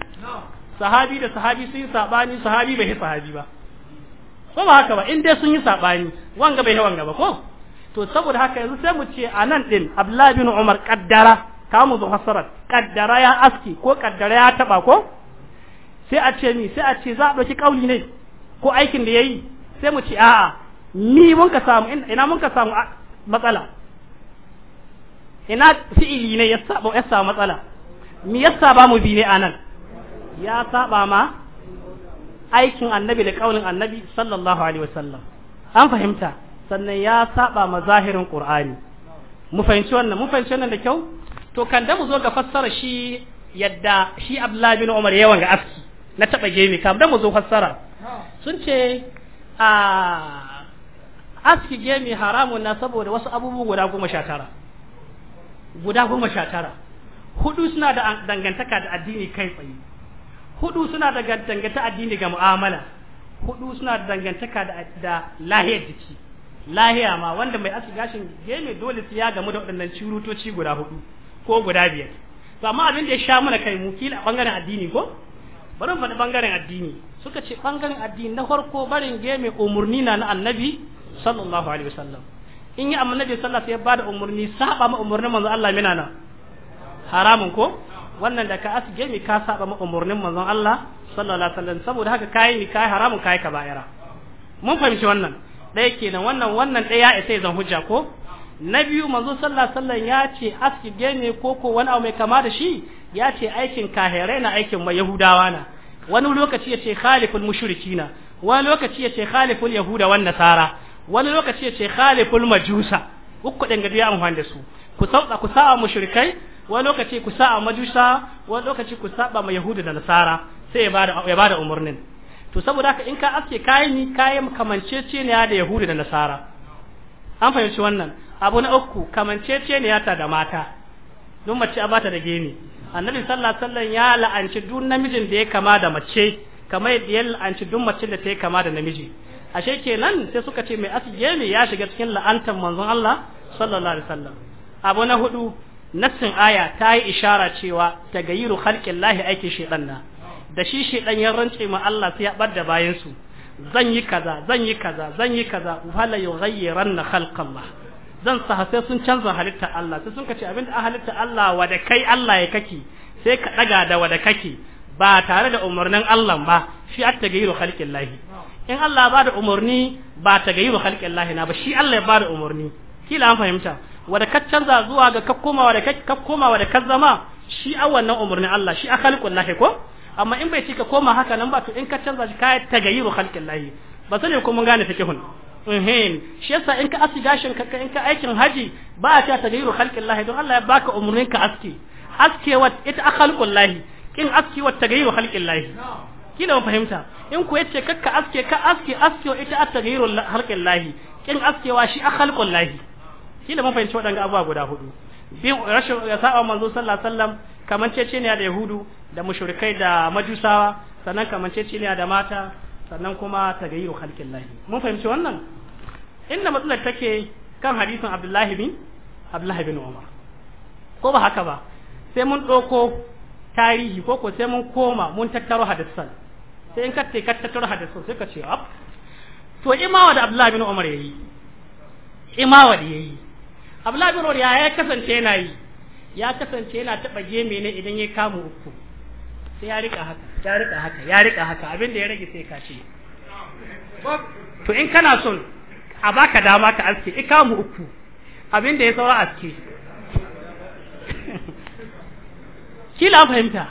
sahabi da sahabi sun yi sabani sahabi bai sahabi ba ko ba haka ba in dai sun yi sabani wanga bai wanga ba ko to saboda haka yanzu sai mu ce anan din Abdullahi bin Umar kaddara kamu zu hasarat kaddara ya aski ko kaddara ya taba ko sai a ce ni sai a ce za a ɗauki kauli ne ko aikin da yayi sai mu ce a'a ni mun ka samu ina mun ka samu matsala ina fi'ili ne ya saba ya samu matsala mi ya saba mu bi ne anan ya saba ma aikin annabi da kaulin annabi sallallahu alaihi wasallam an fahimta sannan ya saba ma zahirin qur'ani mu fahimci wannan mu fahimci wannan da kyau to kan da mu zo ga fassara shi yadda shi Abdullahi bin Umar yawan ga aski na taba gemi kam da mu zo fassara sun ce a ah, aski gemi haramun na saboda wasu abubuwa guda goma sha tara guda goma sha tara hudu suna da dangantaka da addini kai tsaye hudu suna da dangantaka addini ga mu'amala hudu suna da dangantaka da lahiyar jiki lahiya ma wanda mai aski gashin gemi dole su ya gamu da waɗannan cirutoci guda hudu ko guda biyar to amma abin da ya sha mana kai mu kila bangaren addini ko bari mu faɗi bangaren addini suka ce bangaren addini na farko barin mai umurni na na annabi sallallahu alaihi wasallam in yi annabi sallallahu alaihi wasallam ya bada umurni saba ma umurnin manzon Allah mina na haramun ko wannan da ka asige mi ka saba ma umurnin manzon Allah sallallahu alaihi wasallam saboda haka kai mi kai haramun kai ka ba'ira mun fahimci wannan ɗaya kenan wannan wannan ɗaya ya isa zan hujja ko na biyu manzo sallah sallan ya ce aski gene ko ko wani abu mai kama da shi ya ce aikin kahirai na aikin mai yahudawa na wani lokaci ya ce khaliful mushrikina wani lokaci ya ce khaliful yahuda wan nasara wani lokaci ya ce khaliful majusa uku din ga ya amfani da su ku sauka ku sa'a mushrikai wani lokaci ku sa'a majusa wani lokaci ku saba ma yahuda da nasara sai ya bada ya bada umurnin to saboda haka in ka aske kayan ni kayan kamancece ne da yahuda da nasara an fahimci wannan abu na uku yata da mata don mace a bata da gene annabi sallallahu alaihi wasallam ya la'anci duk namijin da ya kama da mace kamar yadda ya la'anci duk mace da ta yi kama da namiji ashe kenan sai suka ce mai asu ne ya shiga cikin la'antar manzon Allah sallallahu alaihi wasallam abu na hudu nassin aya ta yi ishara cewa tagayiru khalqillahi aiki shaytan na da shi shaytan ya rance ma Allah sai ya barda bayan su zan yi kaza zan yi kaza zan yi kaza wala yughayyiranna khalqallah zan sa sai sun canza halitta Allah sai sun kace abinda a halitta Allah wada kai Allah ya kake sai ka daga da wada kake ba tare da umarnin Allah ba shi at tagayiru khalqin lahi in Allah ba da umarni ba tagayiru khalqin lahi na ba shi Allah ya ba da umarni kila an fahimta wada ka canza zuwa ga ka koma wada ka ka koma wada ka zama shi a wannan umarnin Allah shi a khalqin lahi ko amma in bai ci ka koma haka nan ba to in ka canza shi ka tagayiru khalqin lahi ba sai ko mun gane hun ehem shi yasa in ka aski gashin ka in ka aikin haji ba a cewa tagayyuru Allah don Allah ya baka umurnin ka aski wa ita a Allah. kin askewa tagayyuru Allah. kina mu fahimta in ku yace kakka aske ka aske aske ita a tagayyuru Allah. kin wa shi a Allah. kina mun fahimci wadanga abubuwa guda hudu bin rashin sa'a manzo sallallahu alaihi wasallam kamar cece ne da yahudu da mushrikai da majusawa sannan kamar cece ne da mata sannan kuma tagayyuru Allah. mun fahimci wannan inda matsalar take kan hadisin abdullahi bin abdullahi bin umar ko ba haka ba sai mun ɗauko tarihi ko ko sai mun koma mun tattaro hadisan sai in kace ka tattaro hadisan sai ka ce ab to imawa da abdullahi bin umar yayi imawa da yayi abdullahi bin umar ya kasance yana yi ya kasance yana taɓa geme ne idan ya kama uku sai ya rika haka ya rika haka ya rika haka abin da ya rage sai ka ce to in kana son a baka dama ka aske e mu uku abin da ya saura aske kila fahimta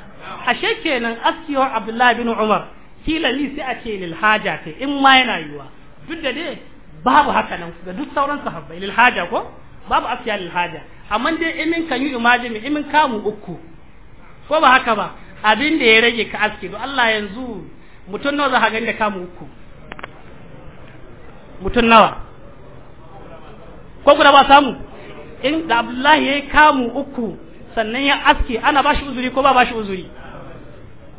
a shekenan askewar abdullahi bin umar kila li sai a ce lil haja kai in ma yana yiwa duk da dai babu haka nan da duk sauran sahabbai lil haja ko babu askiya lil haja amma dai imin kan yi imajin imin kamu uku ko ba haka ba abin da ya rage ka aske don Allah yanzu mutum nawa za ka gani da kamu uku mutum nawa ko guda ba samu in da abdullahi ya kamu uku sannan ya aske ana bashi uzuri ko ba bashi uzuri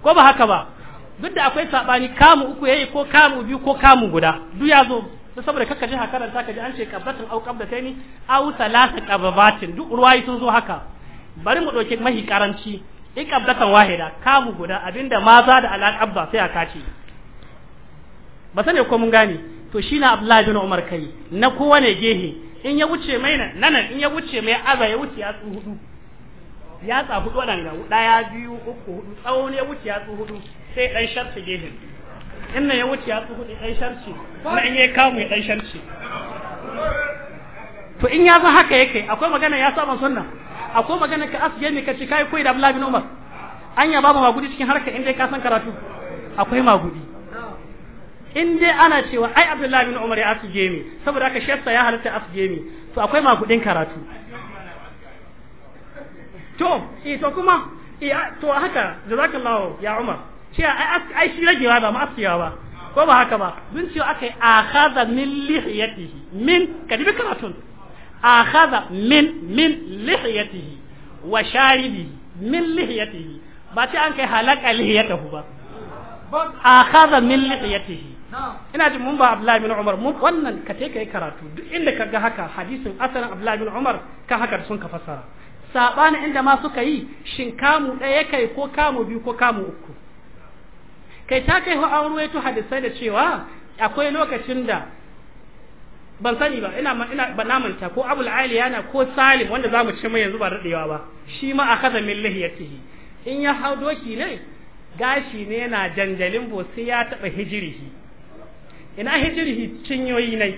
ko ba haka ba duk da akwai sabani kamu uku yayi ko kamu biyu ko kamu guda duk ya zo saboda kaka ji hakaran ka ji an ce qablatun au ni au thalatha kababatin duk ruwayi sun zo haka bari mu ɗauki mahi karanci in qablatan wahida kamu guda abinda maza da alaqabba sai a kace ba ne ko mun gane to shi na Abdullahi bin Umar kai na kowane gehe in ya wuce mai nan nan in ya wuce mai aza ya wuce ya tsu hudu ya tsa hudu ya biyu uku hudu tsawon ya wuce ya tsu hudu sai dan sharci gehe in na ya wuce ya tsu hudu dan sharci na in ya kamu ya dan sharci to in ya san haka yake akwai magana ya saba sunna akwai magana ka asge ne ka ci kai koyi da Abdullahi bin Umar an ya babu magudi cikin harka inda ka san karatu akwai magudi in dai ana cewa ai abdullahi bin umar ya asuje mi saboda haka shefta ya halatta asuje mi to akwai kudin karatu to eh to kuma eh, to haka jazakallahu ya umar ce ai shi ragewa ba ma asiya ba ko ba haka ba dun cewa akai akhadha min lihiyatihi min kadibi karatun akhadha min min lihiyatihi wa sharibi min lihiyatihi ba ce an kai halaka lihiyatahu ba akhadha min ina jin mun ba Abdullahi bin Umar mun wannan ka kai karatu duk inda ka ga haka hadisin asalin Abdullahi bin Umar ka haka sun ka fasara sabanin inda ma suka yi shin kamu ɗaya kai ko kamu biyu ko kamu uku kai ta kai an ruwaito hadisai da cewa akwai lokacin da ban sani ba ina ina ba namanta ko Abul Aliyana ko Salim wanda zamu ce mai yanzu ba daɗewa ba shi ma akaza min lihiyatihi in ya hau doki ne gashi ne yana janjalin bo sai ya taɓa hijirihi ina hijirihi cinyoyi nai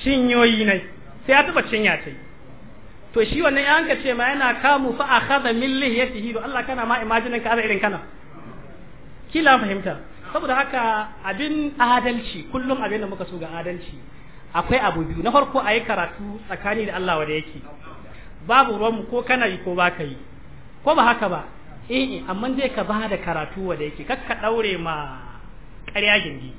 cinyoyi nai sai ya taɓa cinya ta to shi wannan ya hanka ce ma yana kamu fa a kaza min lihiyatihi do Allah kana ma imajinin ka irin kana kila fahimta saboda haka abin adalci kullum abin da muka so ga adalci akwai abu biyu na farko a yi karatu tsakani da Allah wanda yake babu ruwanmu ko kana yi ko ba ka yi ko ba haka ba Eh, eh amma dai ka ba da karatu wanda yake kakka daure ma ƙarya gindi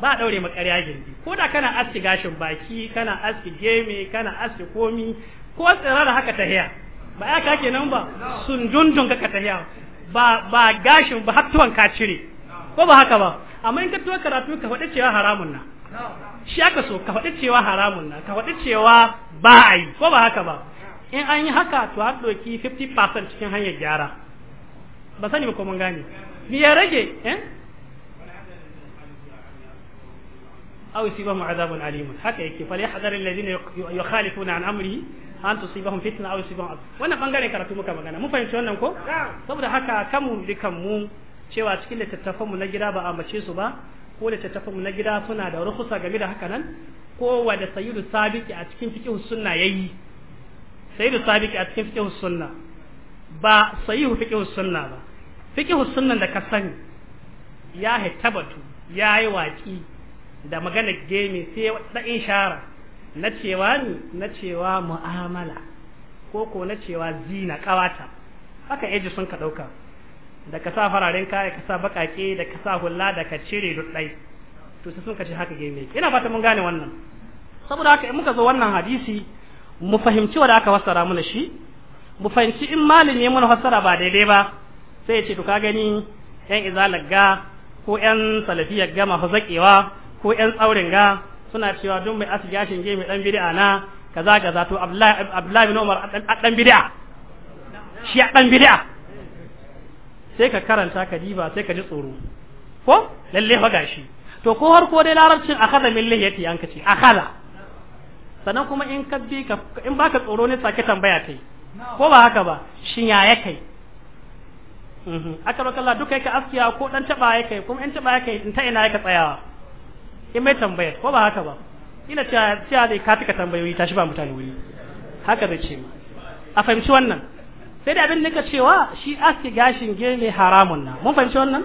ba daure ma ƙarya gindi ko da kana aski gashin baki kana aski gemi kana aski komi ko tsirar haka ta hiya ba ya kake nan ba sun dundun ka ta hiya ba ba gashin ba hattuwan ka cire ko ba haka ba amma in ka tuwa karatu ka faɗi cewa haramun na shi aka so ka faɗi cewa haramun na ka faɗi cewa ba a yi ko ba haka ba in an yi haka to har doki 50% cikin hanyar gyara ba sani ba ko mun gane me ya rage eh aw yusibahum azabun alim haka yake fal yahdhar alladhina yukhalifuna an amri an tusibahum fitna aw yusibahum wannan bangaren karatu muka magana mun fahimci wannan ko saboda haka kamu dukan mu cewa cikin littattafan mu na gida ba a mace su ba ko littattafan mu na gida suna da rukusa game da haka nan ko wanda sayyidu sabiki a cikin fiqh sunna yayi sayyidu sabiki a cikin fiqh sunna ba sahihu fiqhus sunna ba fiqhus sunna da ka sani ya hitabatu yayi waki da magana game sai da inshara na cewa ni na cewa mu'amala ko ko na cewa zina kawata haka eji sun ka dauka da ka sa fararen kaya ka sa bakake da ka sa hulla da ka cire duddai to sai sun ka ce haka game ina fata mun gane wannan saboda haka in muka zo wannan hadisi mu fahimci wanda aka fassara mana shi mu fahimci in malin ya mana fassara ba daidai ba sai ya ce to ka gani yan izalar ga ko yan salafiyar ga masu zakewa ko yan tsaurin ga suna cewa duk mai asu gashin ge mai dan bid'a na kaza kaza to abdullahi bin umar dan bid'a shi a dan bid'a sai ka karanta ka diba sai ka ji tsoro ko lalle fa gashi to ko har ko dai larabcin akhadha min lihiyati an a akhadha sannan kuma in ka bi ka in baka tsoro ne sake tambaya kai ko ba haka ba shi ya ya kai mhm. aka maka Allah duka yake askiya ko dan taba ya kai kuma in taba ya kai in ta ina yake tsayawa in mai tambaya ko ba haka ba ina cewa cewa zai ka tuka tambayoyi ta shi ba mutane wuri haka zai ce a fahimci wannan sai da abin da ka cewa shi aski gashin gele haramun na mun fahimci wannan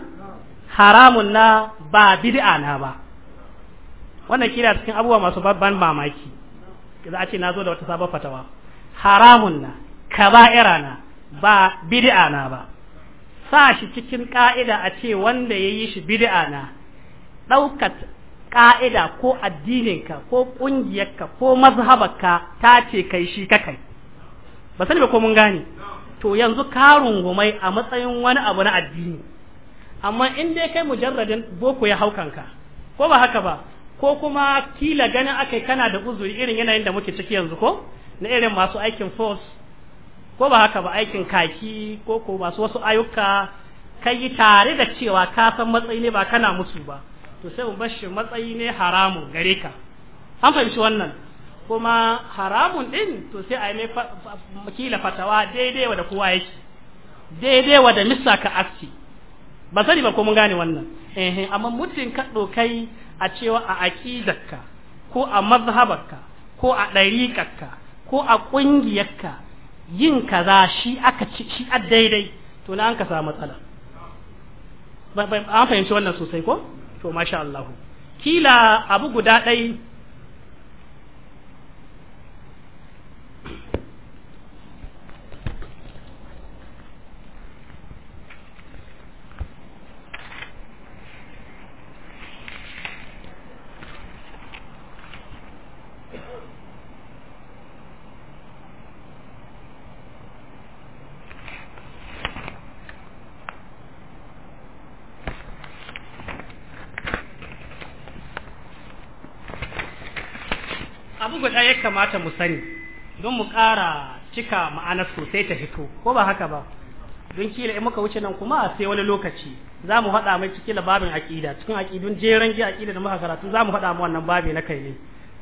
haramun na ba bid'a na ba wannan kira cikin abubuwa masu babban mamaki za a ce na zo da wata sabon fatawa haramun na kaba'ira na ba bid'a na ba sa shi cikin ka'ida a ce wanda ya yi shi bid'a na ɗaukar ka'ida ko addininka ko ƙungiyarka ko mazhabarka ta ce kai shi kakai ba sani ba ko mun gane to yanzu ka rungumai a matsayin wani abu na addini amma in dai kai mujarradin boko ya haukanka ko ba haka ba ko kuma kila ganin akai kana da uzuri irin yanayin da muke ciki yanzu ko na irin masu aikin force ko ba haka ba aikin kaki ko ko masu wasu ayyuka ka yi tare da cewa ka san matsayi ne ba kana musu ba to sai mu matsayi ne haramun gare ka an fahimci wannan kuma haramun din to sai a yi kila fatawa daidai wa da kowa yake daidai wa da misa ka aski ba sani ba ko mun gane wannan eh amma mutum ka dokai a cewa a aqidarka ko a mazhabarka ko a dariƙarka ko a ƙungiyarka yin kaza shi aka ci shi a daidai to na an ka samu matsala an fahimci wannan sosai ko to masha Allah kila abu guda ɗai kamata mu sani don mu ƙara cika ma'anar sosai ta fito ko ba haka ba don kila in muka wuce nan kuma sai wani lokaci za mu haɗa mai cikin babin aƙida cikin aƙidun jeren ji aƙida da muka karatu za mu haɗa mu wannan babi na kai ne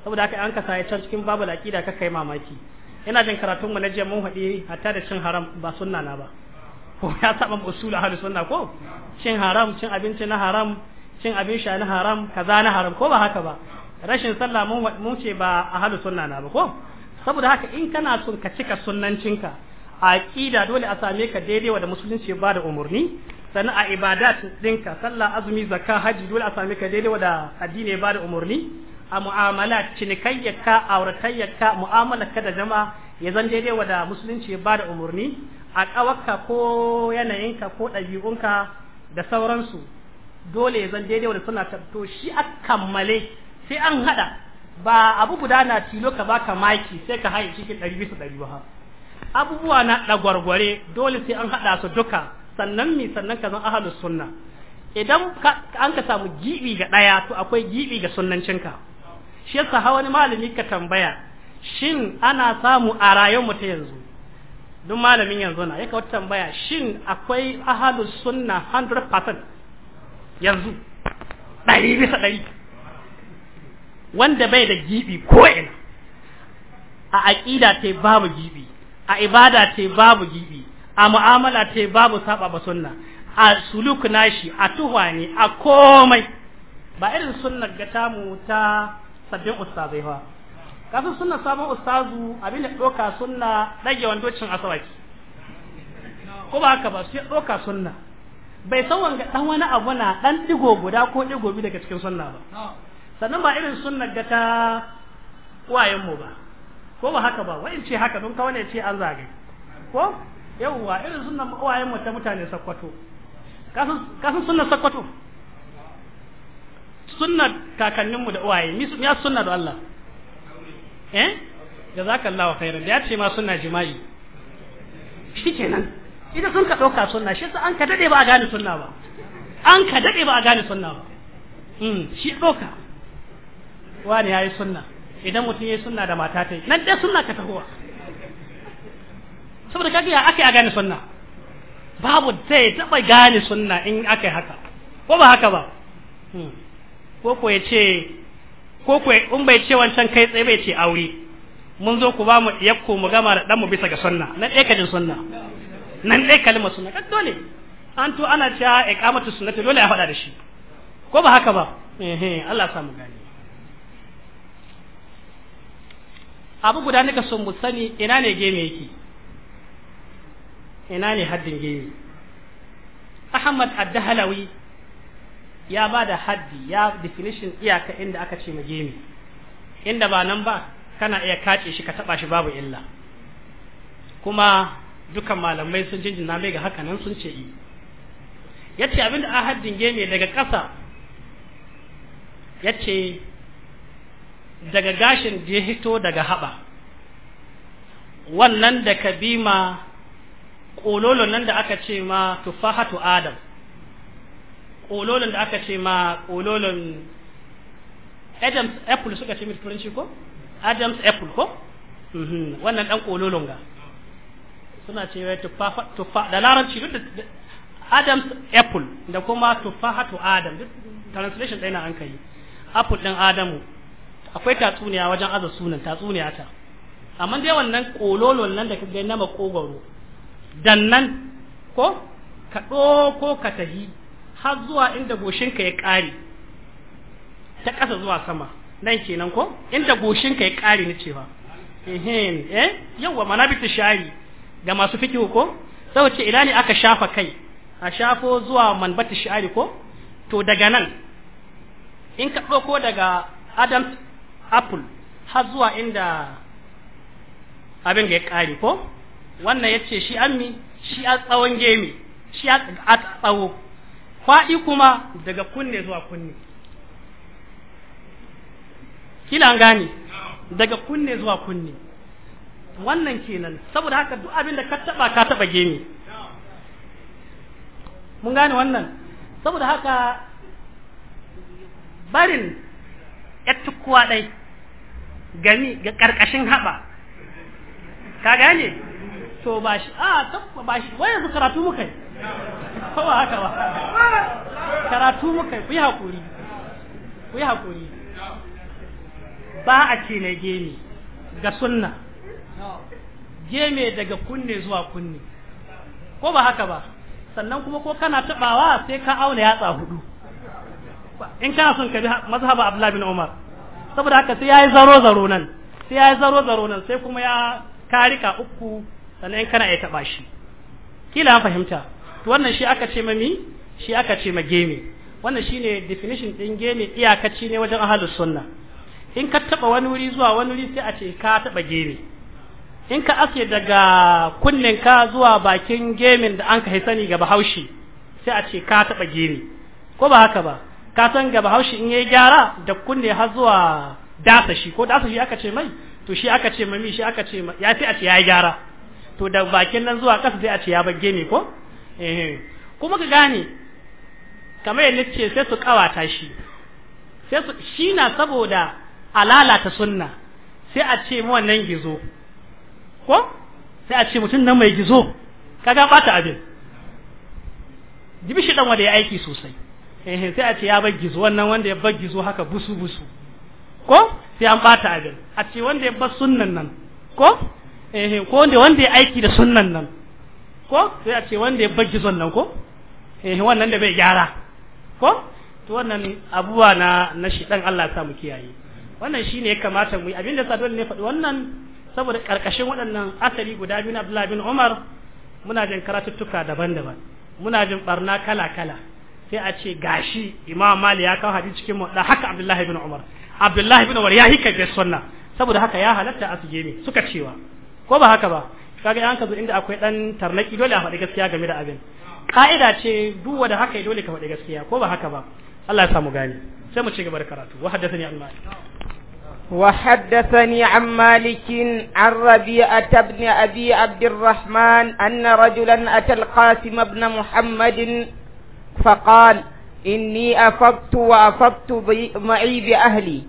saboda haka an kasa can cikin babu aƙida ka kai mamaki ina jin karatun mu na jiya mun haɗi hatta da cin haram ba sunna na ba ko ya saba usul ahli sunna ko cin haram cin abinci na haram cin abin sha na haram kaza na haram ko ba haka ba rashin sallah mun ce ba ahlus sunna na ba ko saboda haka in kana son ka cika sunancinka a aqida dole a same ka daidai wa da musulunci ba da umurni sannan a ibadat dinka sallah azumi zakka haji dole a same ka daidai wa da addini ba da umurni a mu'amala ka mu'amala ka da jama'a ya zan daidai wa da musulunci ba da umurni a ƙawarka ko yanayinka ko ɗabi'unka da sauransu dole ya zan daidai wa da suna to shi a kammale sai an hada ba abu guda na tilo ka baka maki sai ka haye cikin ɗari bisa ɗari ba abubuwa na dagwargware dole sai an hada su duka sannan mi sannan ka zan ahalus sunna idan an ka samu gibi ga ɗaya to akwai gibi ga sunnancinka shi yasa hawa wani malami ka tambaya shin ana samu a rayuwar mu ta yanzu duk malamin yanzu na yaka wata tambaya shin akwai ahalus sunna 100% yanzu ɗari bisa ɗari wanda bai da gibi ko ina a aqida ce babu gibi a ibada ce babu gibi a mu'amala ce babu saba ba sunna a suluk nashi a tuhwani a komai ba irin sunnar ga tamu ta sabbin ustazai ba kasu sunnar sabon ustazu abin da doka sunna dage wandocin asawaki ko ba haka ba su doka sunna bai san wanga dan wani abu na ɗan digo guda ko digo bi daga cikin sunna ba sannan ba irin sunnar ga ta wayan mu ba ko ba haka ba wa'in ce haka don kawai ne ce an zage ko yawwa irin sunnar wayan mu ta mutane sakkwato kasan sunnar sakkwato sunnar kakanninmu da uwaye ya sunna da Allah eh jazakallahu khairan da ya ce ma sunna jima'i Shi kenan. idan sun ka dauka sunna shi sa an ka dade ba a gane sunna ba an ka dade ba a gane sunna ba hmm, shi ɗauka. wani ya yi sunna idan mutum ya yi sunna da mata ta nan ɗaya sunna ka tahowa saboda kage ya ake a gane sunna babu zai taɓa gane sunna in aka haka ko ba haka ba hmm. ko ko ya ce ko ko in bai ce wancan kai tsaye bai ce aure mun zo ku ba mu yakko mu gama da dan mu bisa ga sunna nan ɗaya kajin sunna nan ɗaya kalmar sunna kan dole an to ana cewa iqamatu sunnati dole a faɗa da shi ko ba haka ba Allah samu gani abu guda nika son mu sani ina ne gemi yake ina ne haddin gemi Ahmad Ad-Dahlawi ya ba da haddi ya definition iyaka inda aka ce gemi inda ba nan ba kana iya kace shi ka taba shi babu illa kuma dukan malamai sun jinjina mai ga haka nan sun ce yi yace abinda a haddin gemi daga ƙasa yace daga gashin da ya hito daga haɓa wannan da ka bi ma ƙololon nan da aka ce ma tufahatu adam ƙololon da aka ce ma ƙololon adams apple suka ce mai turanci ko adams apple ko mhm, wannan ɗan ƙololon ga suna ce wai tufa da laranci duk da adams apple da kuma tufahatu adam duk translation ɗaya na an kai apple ɗin adamu akwai tatsuniya wajen aza sunan tatsuniya ta amma dai wannan kololon nan da ka gani na makogoro dan nan ko ka ɗoko ka tahi har zuwa inda goshinka ya ƙare ta ƙasa zuwa sama nan kenan ko inda goshinka ya ƙare ni cewa eh yawa manabitu shari ga masu fiki ko sai ce ina ne aka shafa kai a shafo zuwa manbatu shari ko to daga nan in ka ɗauko daga adam apple har zuwa inda abin da ya ƙari ko wannan ya ce shi an mi shi a tsawon gemi shi a tsawo faɗi kuma daga kunne zuwa kunne kila gani daga kunne zuwa kunne wannan kenan saboda haka duk abin da ka taba ka taba gemi mun gane wannan saboda haka barin yar tukkuwa dai gami ga ƙarƙashin haɓa ka gane to ba shi a tabba ba shi wai yanzu karatu muka yi ba haka ba karatu muka yi ku yi hakuri ku yi hakuri ba a ce na gemi ga sunna geme daga kunne zuwa kunne ko ba haka ba sannan kuma ko kana tabawa sai ka auna yatsa hudu in kana son ka bi mazhaba Abdullah bin Umar saboda haka sai yayi zaro zaro nan sai yayi zaro zaro nan sai kuma ya karika uku sannan in kana ya taba shi kila an fahimta to wannan shi aka ce mami shi aka ce ma game wannan shine definition din game iyakaci ne wajen ahlus sunna in ka taba wani wuri zuwa wani wuri sai a ce ka taba game in ka aske daga kunnen ka zuwa bakin gemin da an ka sani ga bahaushe sai a ce ka taba gemi ko ba haka ba ka san ga bahaushe in yayi gyara da kunne har zuwa dasa shi ko dasa shi aka ce mai to shi aka ce mami shi aka ce ya fi a ce yayi gyara to da bakin nan zuwa kasa sai a ce ya bagge ne ko eh kuma ka gane kamar yadda ce sai su kawata shi sai su shi na saboda alalata sunna sai a ce mu wannan gizo ko sai a ce mutum nan mai gizo kaga bata abin jibi shi dan wanda ya aiki sosai eh sai a ce ya baggizo wannan wanda ya baggizo haka busu busu ko sai an bata abin a ce wanda ya bar sunnan nan ko eh ko wanda wanda ya aiki da sunnan nan ko sai a ce wanda ya baggizon nan ko eh wannan da bai gyara ko to wannan abuwa na na shi dan Allah sa mu kiyaye wannan shine ya kamata mu yi abin da sa dole ne faɗi wannan saboda karkashin waɗannan asali guda biyu na Abdullahi bin Umar muna jin karatuttuka daban-daban muna jin barna kala-kala sai a ce gashi imam mali ya kawo hadisi cikin da haka abdullahi bin umar abdullahi bin umar ya hika ga sunna saboda haka ya halatta a su gemi suka cewa ko ba haka ba kaga an ka zo inda akwai dan tarnaki dole a faɗi gaskiya game da abin ka'ida ce duk da haka dole ka faɗi gaskiya ko ba haka ba Allah ya samu gani sai mu ci gaba da karatu wa haddathani an malik wa haddathani an malik an rabi'a ibn abi abdurrahman anna rajulan atal qasim ibn muhammadin فقال إني أفضت وأفضت معي بأهلي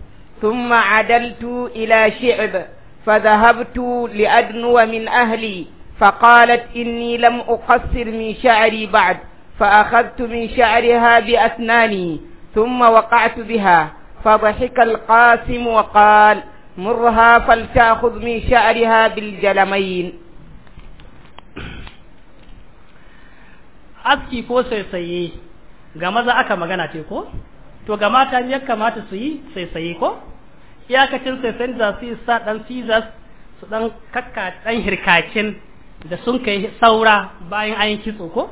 ثم عدلت إلى شعب فذهبت لأدنو من أهلي فقالت إني لم أقصر من شعري بعد فأخذت من شعرها بأسناني ثم وقعت بها فضحك القاسم وقال مرها فلتأخذ من شعرها بالجلمين aski ko saisaye ga maza aka magana ce ko to ga mata ya kamata su yi saisaye ko iyakacin saisayen da su yi sa dan scissors su dan kakka dan hirkakin da sun kai saura bayan an yi kitso ko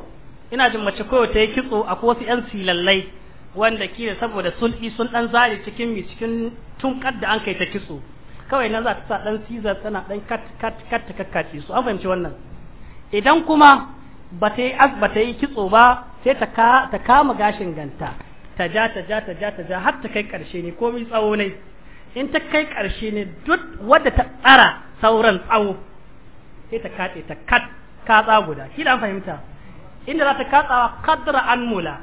ina jin mace ko ta yi kitso a su yan silallai wanda ke saboda sulhi sun dan zare cikin mi cikin tun da an kai ta kitso kawai nan za ta sa dan scissors tana dan kat kat kat kakkaci su an fahimci wannan idan kuma ba ta yi ba ta yi kitso ba sai ta kama gashin ganta ta ja ta ja ta ja ta ja har ta kai ƙarshe ne komai tsawo ne in ta kai ƙarshe ne duk wadda ta tsara sauran tsawo sai ta katse ta kat katsa guda shi da fahimta inda za ta katsawa kadra an mula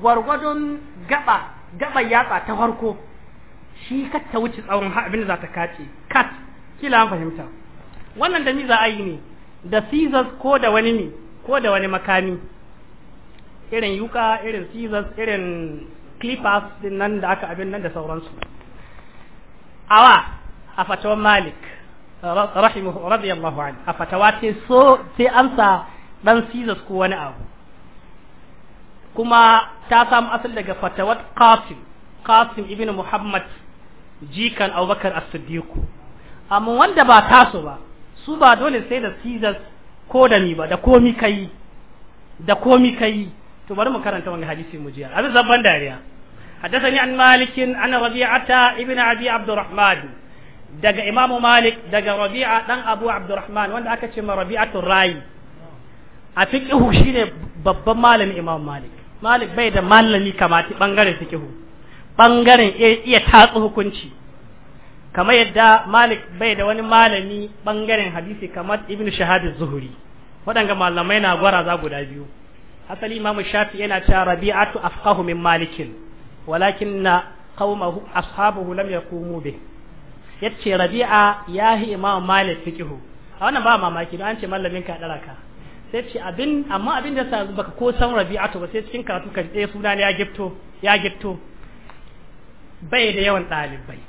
gwargwadon gaba gaba yatsa ta farko shi kat ta wuce tsawon abin da za ta kace kat kila an fahimta wannan da ni za a yi ne da scissors ko da wani ne ko da wani makami irin yuka irin caesars irin clippers din nan da aka abin nan da sauransu awa a fatawar malik radiyallahu a fatawa ce so sai amsa dan caesars ko wani abu kuma ta samu asali daga fatawar qasim qasim ibn muhammad jikan abubakar as-siddiq amma wanda ba taso ba su ba dole sai da caesars ko da ni ba da komi kai da komi kai to bari mu karanta wannan hadisi mu jiya abin zabban dariya حدثني an مالك عن ربيعة ابن أبي عبد daga imamu malik daga rabi'a dan abu abdurrahman wanda aka ce ma rabi'atu rai a fiqhu shine babban malamin imamu malik malik bai da malami kamati bangaren fiqhu bangaren iya tatsu hukunci kamar yadda malik bai da wani malami bangaren hadisi kamar ibn shahadu zuhuri waɗanga malamai na gwara za guda biyu asali imamu shafi yana cewa rabi'atu afqahu min malikin walakin na qaumahu ashabuhu lam yaqumu bih yace rabi'a yahi imam malik fiqhu a wannan ba mamaki don an ce mallamin ka ka sai ce abin amma abin da sa baka ko san rabi'atu ba sai cikin karatu ka ɗaya eh, suna ne ya gifto ya gifto bai da yawan ɗalibai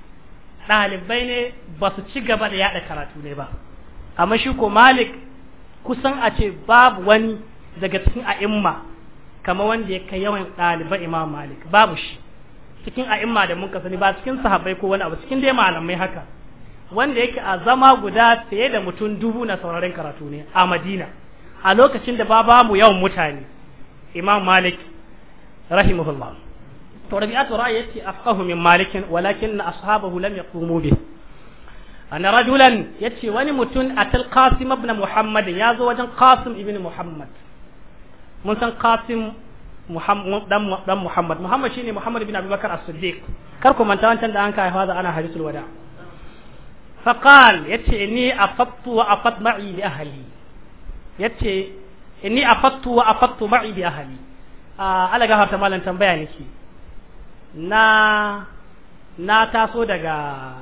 ɗalibai ne ba su ci gaba da yaɗa karatu ne ba amma shi ko malik kusan a ce babu wani daga cikin a'imma kama wanda ya kai yawan ɗaliban imam malik babu shi cikin a'imma da muka sani ba cikin sahabbai ko wani abu cikin dai malamai haka wanda yake a zama guda fiye da mutum dubu na sauraren karatu ne a madina a lokacin da ba mu yawan mutane imam malik rahimahullah to rabi'atu ra'ayati afqahu min malik walakin ashabahu lam yaqumu bi anna rajulan yace wani mutum atal qasim ibn muhammad ya zo wajen qasim ibn muhammad mun san qasim dan muhammad muhammad shine muhammad ibn abubakar as-siddiq kar ku manta wancan da an kai haza ana hadisul wada faqal yace inni afattu wa afat ma'i bi ahli yace inni afattu wa afattu ma'i bi ahli ah, ala gafarta malan tambaya nake na na taso daga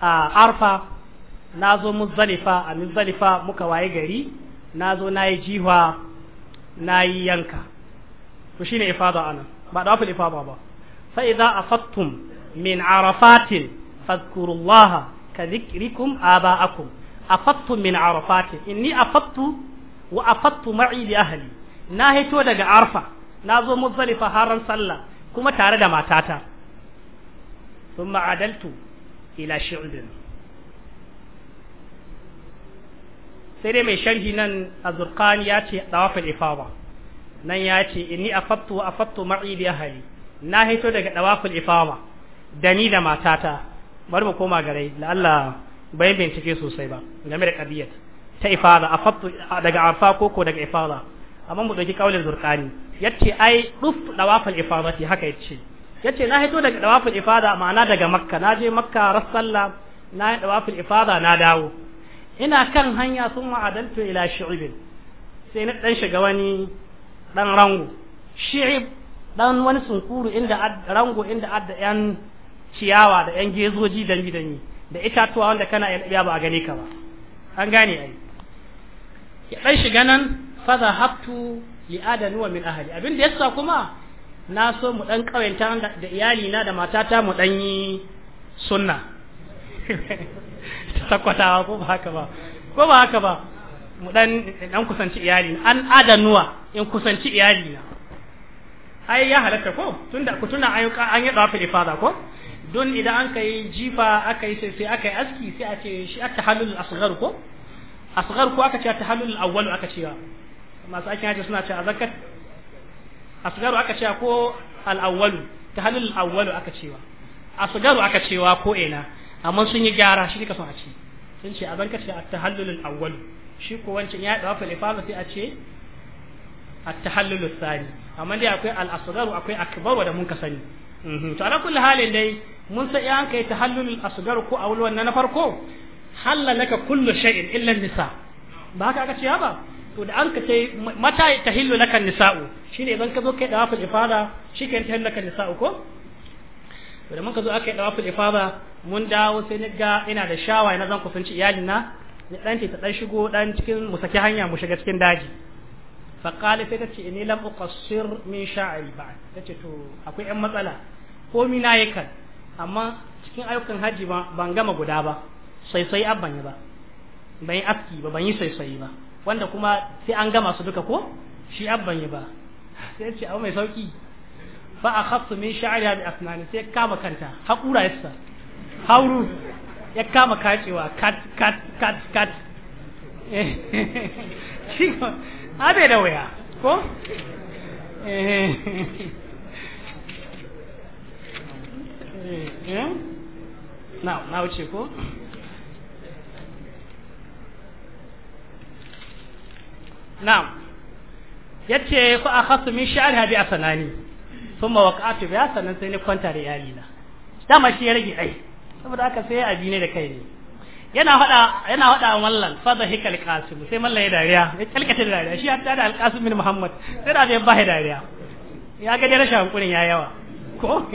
a arfa na zo muzdalifa a muzdalifa muka waye gari na zo na yi jiwa na yi yanka Ku shi ne ifada ana ba da wafin ifada ba fa idza afattum min arafatin fadhkurullaha ka dhikrikum aba'akum afattum min arafatin inni afattu wa afattu ma'i li ahli na hito daga arfa na zo muzdalifa haran sallah kuma tare da matata sun ma'adaltu ila shi'udin sai dai mai sharhi nan a zurkani ya ce ɗawafin Ifawa nan ya ce inni a afattu ma'i bi ahli na haito daga ɗawafin Ifawa da ni da matata bari mu koma gare da Allah bai bincike sosai ba game da ƙabiyar ta ifada afattu daga afa koko daga ifada amma mu dauki kaulin zurkani yace ai duf dawafal ifadati haka yace yace na hito daga dawafal ifada ma'ana daga makka na je makka rasalla na yi dawafal ifada na dawo ina kan hanya sun ma'adaltu ila shi'ibin sai na dan shiga wani dan rango shi'ib dan wani sunkuru inda rango inda adda yan ciyawa da yan gezoji dan dangi da itatuwa wanda kana iya ba a gane ka ba an gane ai ya dan shiga nan fada haftu li adanu wa min ahli abin da yasa kuma na so mu dan kawaita da iyali na da matata mu dan yi sunna sakwatawa ko ba haka ba ko ba haka ba mu dan dan kusanci iyali an adanuwa in kusanci iyali na ai ya halatta ko tunda ku tuna ayyuka an yi dafa ifada ko don idan an kai jifa aka yi sai sai aka yi aski sai a ce shi at-tahallul asghar ko asghar ko aka ce at-tahallul awwal aka ce masu aikin haji suna ce a zakat asgaru aka cewa ko al'awwalu ta halil al'awwalu aka cewa asgaru aka cewa ko ina amma sun yi gyara shi ne kasan a ce sun ce a zakat ce a ta halil al'awwalu shi ko wancan ya dawa falifaza sai a ce a ta halil tsari amma dai akwai al'asgaru akwai akbaru da mun ka sani mhm. to ala kulli halin dai mun sai an kai tahallul asgar ko awul wannan na farko halalaka kullu shay'in illa nisa ba haka aka ce ba to da an ka ce mata ta hillu lakan nisa'u shine idan ka zo kai da wafa ifada shike ta hillu lakan nisa'u ko to da mun ka zo aka yi da wafa ifada mun dawo sai ni ga ina da shawa na zan kusanci iyali na ni dan ta dan shigo dan cikin mu saki hanya mu shiga cikin daji fa qala sai ta ce inni lam uqassir min sha'ri ba'd tace to akwai yan matsala ko mi na yakan amma cikin ayyukan haji ba ban gama guda ba sai sai abban ba ban yi aski ba ban yi sai sai ba wanda kuma sai an gama su duka ko shi abban yi ba sai ce abu mai sauki ba a khasu min sha'ari bi asnani sai kama kanta haƙura sa hauru ya kama kacewa kat kat kat kat shi da waya ko eh, eh. na wuce ko na'am yace fa akhadtu min sha'riha bi asanani thumma waqa'tu bi asanan sai ni kwanta da iyali na dama shi ya rage ai saboda aka sai a bi ne da kai ne yana haɗa yana mallan fada da hikal qasim sai mallan ya dariya ya kalkata da dariya shi hatta da alqasim bin muhammad sai da ya bahe dariya ya ga dai rashin hankulin ya yawa ko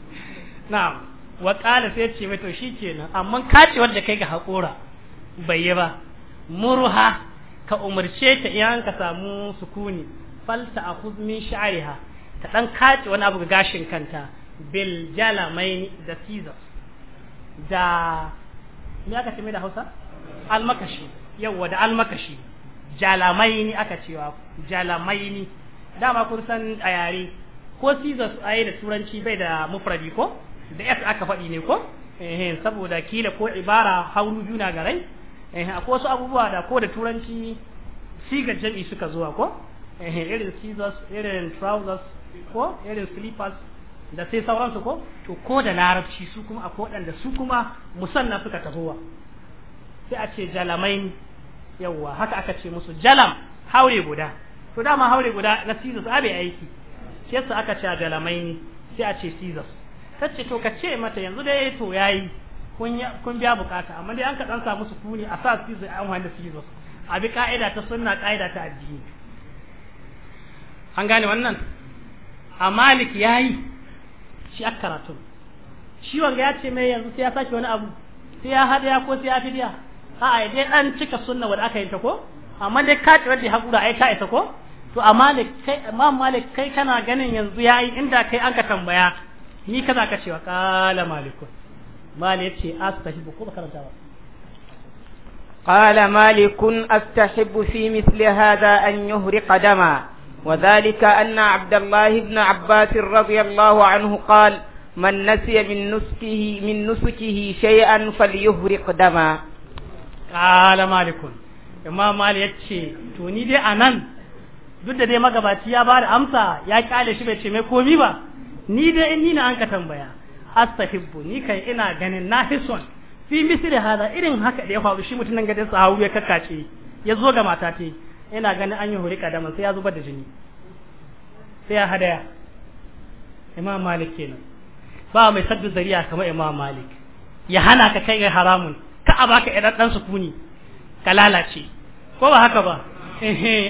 na'am wa qala sai ce mai to shikenan amma kace wanda kai ga haƙora bai yi ba muruha ka umarce ta in ka samu sukuni falta a min sha'riha ta dan kace wani abu ga gashin kanta bil jalamaini da scissors da me aka ce mai da Hausa almakashi yawa da almakashi jalamaini aka cewa jalamaini dama kun san a yare ko scissors ayi da turanci bai da mufradi ko da s aka faɗi ne ko eh saboda kila ko ibara hauru juna garai eh akwai wasu abubuwa da ko da turanci siga jami suka zuwa ko eh irin scissors irin trousers ko irin slippers da sai sauransu ko to ko da larabci su kuma akwai wadanda su kuma musanna suka tafowa sai a ce jalamain yawa haka aka ce musu jalam haure guda to dama haure guda na scissors abe aiki shi yasa aka ce jalamaini sai a ce scissors tace to kace mata yanzu dai to yayi kun ya kun biya bukata amma dai an ka dan samu sukuni a sa su zai amfani da su a bi ka'ida ta sunna ka'ida ta addini an gane wannan a malik yayi shi akkaratu karatu shi wanga ya ce mai yanzu sai ya saki wani abu sai ya hada ko sai ya fidiya a'a dai dan cika sunna wanda aka yi ta ko amma dai ka ci wanda hakura ai ta isa ko to a malik kai imam malik kai kana ganin yanzu yayi inda kai an ka tambaya ni kaza ka cewa qala malikun mali yace astahibu ko karanta ba قال مالك أستحب في مثل هذا أن يهرق دما وذلك أن عبد الله بن عباس رضي الله عنه قال من نسي من نسكه من نسكه شيئا فليهرق دما قال مالك إمام مالك يتشي توني دي أنان duk da dai magabaci ya bada amsa ya kyale shi bai ce mai komi ba ni dai in ni na an ka tambaya astahibbu ni kai ina ganin na son fi misri hada irin haka da ya faru shi mutumin gadin sahawu ya kakkace ya zo ga mata ta ina ganin an yi hurika da sai ya zubar da jini sai ya hadaya imam malik kenan ba mai saddu zariya kamar imam malik ya hana ka kai haramun ka a baka idan dan sukuni ka lalace ko ba haka ba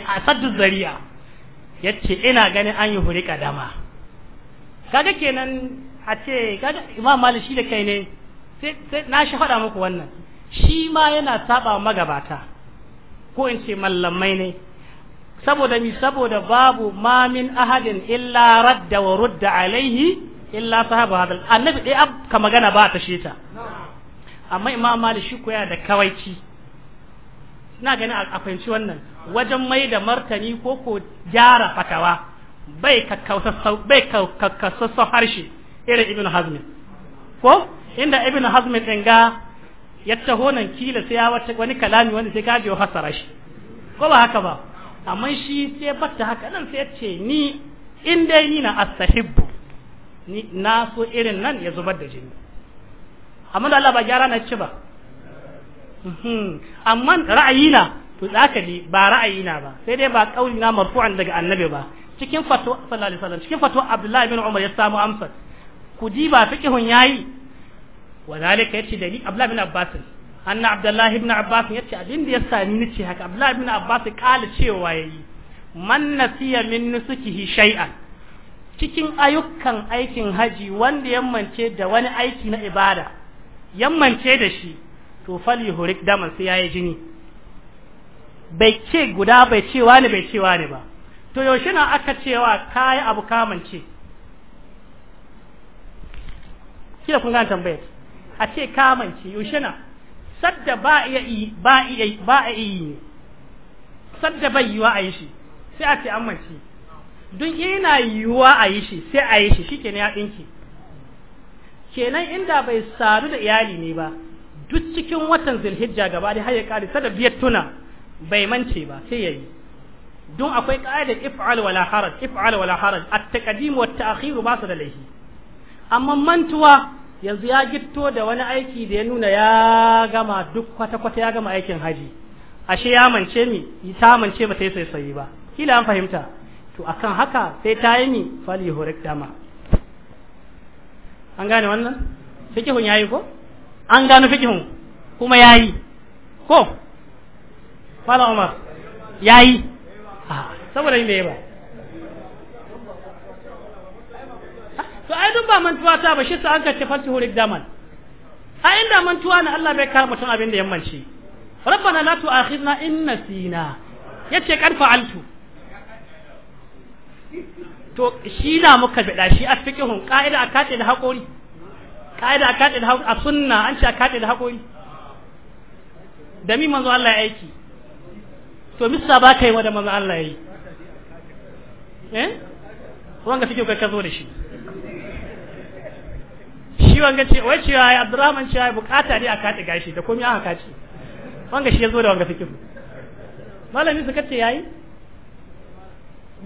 a saddu zariya yace ina ganin an yi huri kadama kaga kenan a ce kaga imam malik shi da kai ne sai na shi faɗa muku wannan shi ma yana saba magabata ko in ce mallamai ne saboda mi saboda babu ma min ahadin illa radda wa rudda alaihi illa sahabu hadal annabi dai ka magana ba ta sheta amma imam malik shi koya da kawaici ina ganin a fahimci wannan wajen mai da martani ko ko gyara fatawa bai kakkausassan harshe irin ibn hazmin ko inda ibn hazmin din ga ya taho nan kila sai ya wata wani kalami wanda sai ka biyo fassara shi ko ba haka ba amma shi sai batta haka nan sai ya ce ni in dai ni na astahibbu ni na so irin nan ya zubar da jini amma da Allah ba gyara na ci ba mhm. amma ra'ayina to zaka di ba ra'ayina ba sai dai ba kauli na marfu'an daga annabi ba cikin fatwa sallallahu alaihi wasallam cikin fatwa Abdullah ibn Umar ya samu amsar ku ji ba fiqhun yayi wa zalika yace ni Abdullahi bin Abbas anna Abdullahi bin Abbas yace abin da ya sani ni ce haka Abdullahi bin Abbas kala cewa yayi man nasiya min nusukihi shay'an cikin ayyukan aikin haji wanda yammance da wani aiki na ibada yammance da shi to fali hurik daman sai yayi jini bai ce guda bai cewa ne bai cewa ne ba to yaushe na aka cewa kai abu kamance kila kun gane tambayar a ce kamance yaushe na sadda ba iya yi ba iya ba a yi ne sadda bai yiwa a yi shi sai a ce amince don yana yiwa a yi shi sai a yi shi shikenan ya dinki kenan inda bai saru da iyali ne ba duk cikin watan zulhijja gaba da har ya kare sadda biyar tuna bai mance ba sai yayi don akwai ka'idar if'al wala haraj if'al wala haraj at-taqdim wa at-ta'khir ba su da laifi amma mantuwa yanzu ya gitto da wani aiki da ya nuna ya gama duk kwata-kwata ya gama aikin haji ashe ya mance mi ta mance ba ta yi saisayi ba kila an fahimta to akan haka sai ta yi mi fali horik dama an gane wannan fikihun ya yi ko an gano fikihun kuma ya yi ko fala umar ya yi ah, saboda yi ya ba to ai duk ba mantuwa ta ba shi sa an kace fasihu rigdaman a inda mantuwa na Allah bai kara mutum abin da yammanci rabbana la tu'akhidna in nasina yace kan fa'altu to shi na muka bada shi a fiqhun qa'ida akate da hakori qa'ida akate da hakori a sunna an ce akate da hakori da mi manzo Allah ya aiki to misa ba kai wa da manzo Allah ya yi eh wanga fiqhu ka zo da shi shi wanga ce wai cewa ya Abdurrahman cewa bukata ne a kace gashi da komai aka kace wanga shi ya zo da wanga fikihu malami suka ce yayi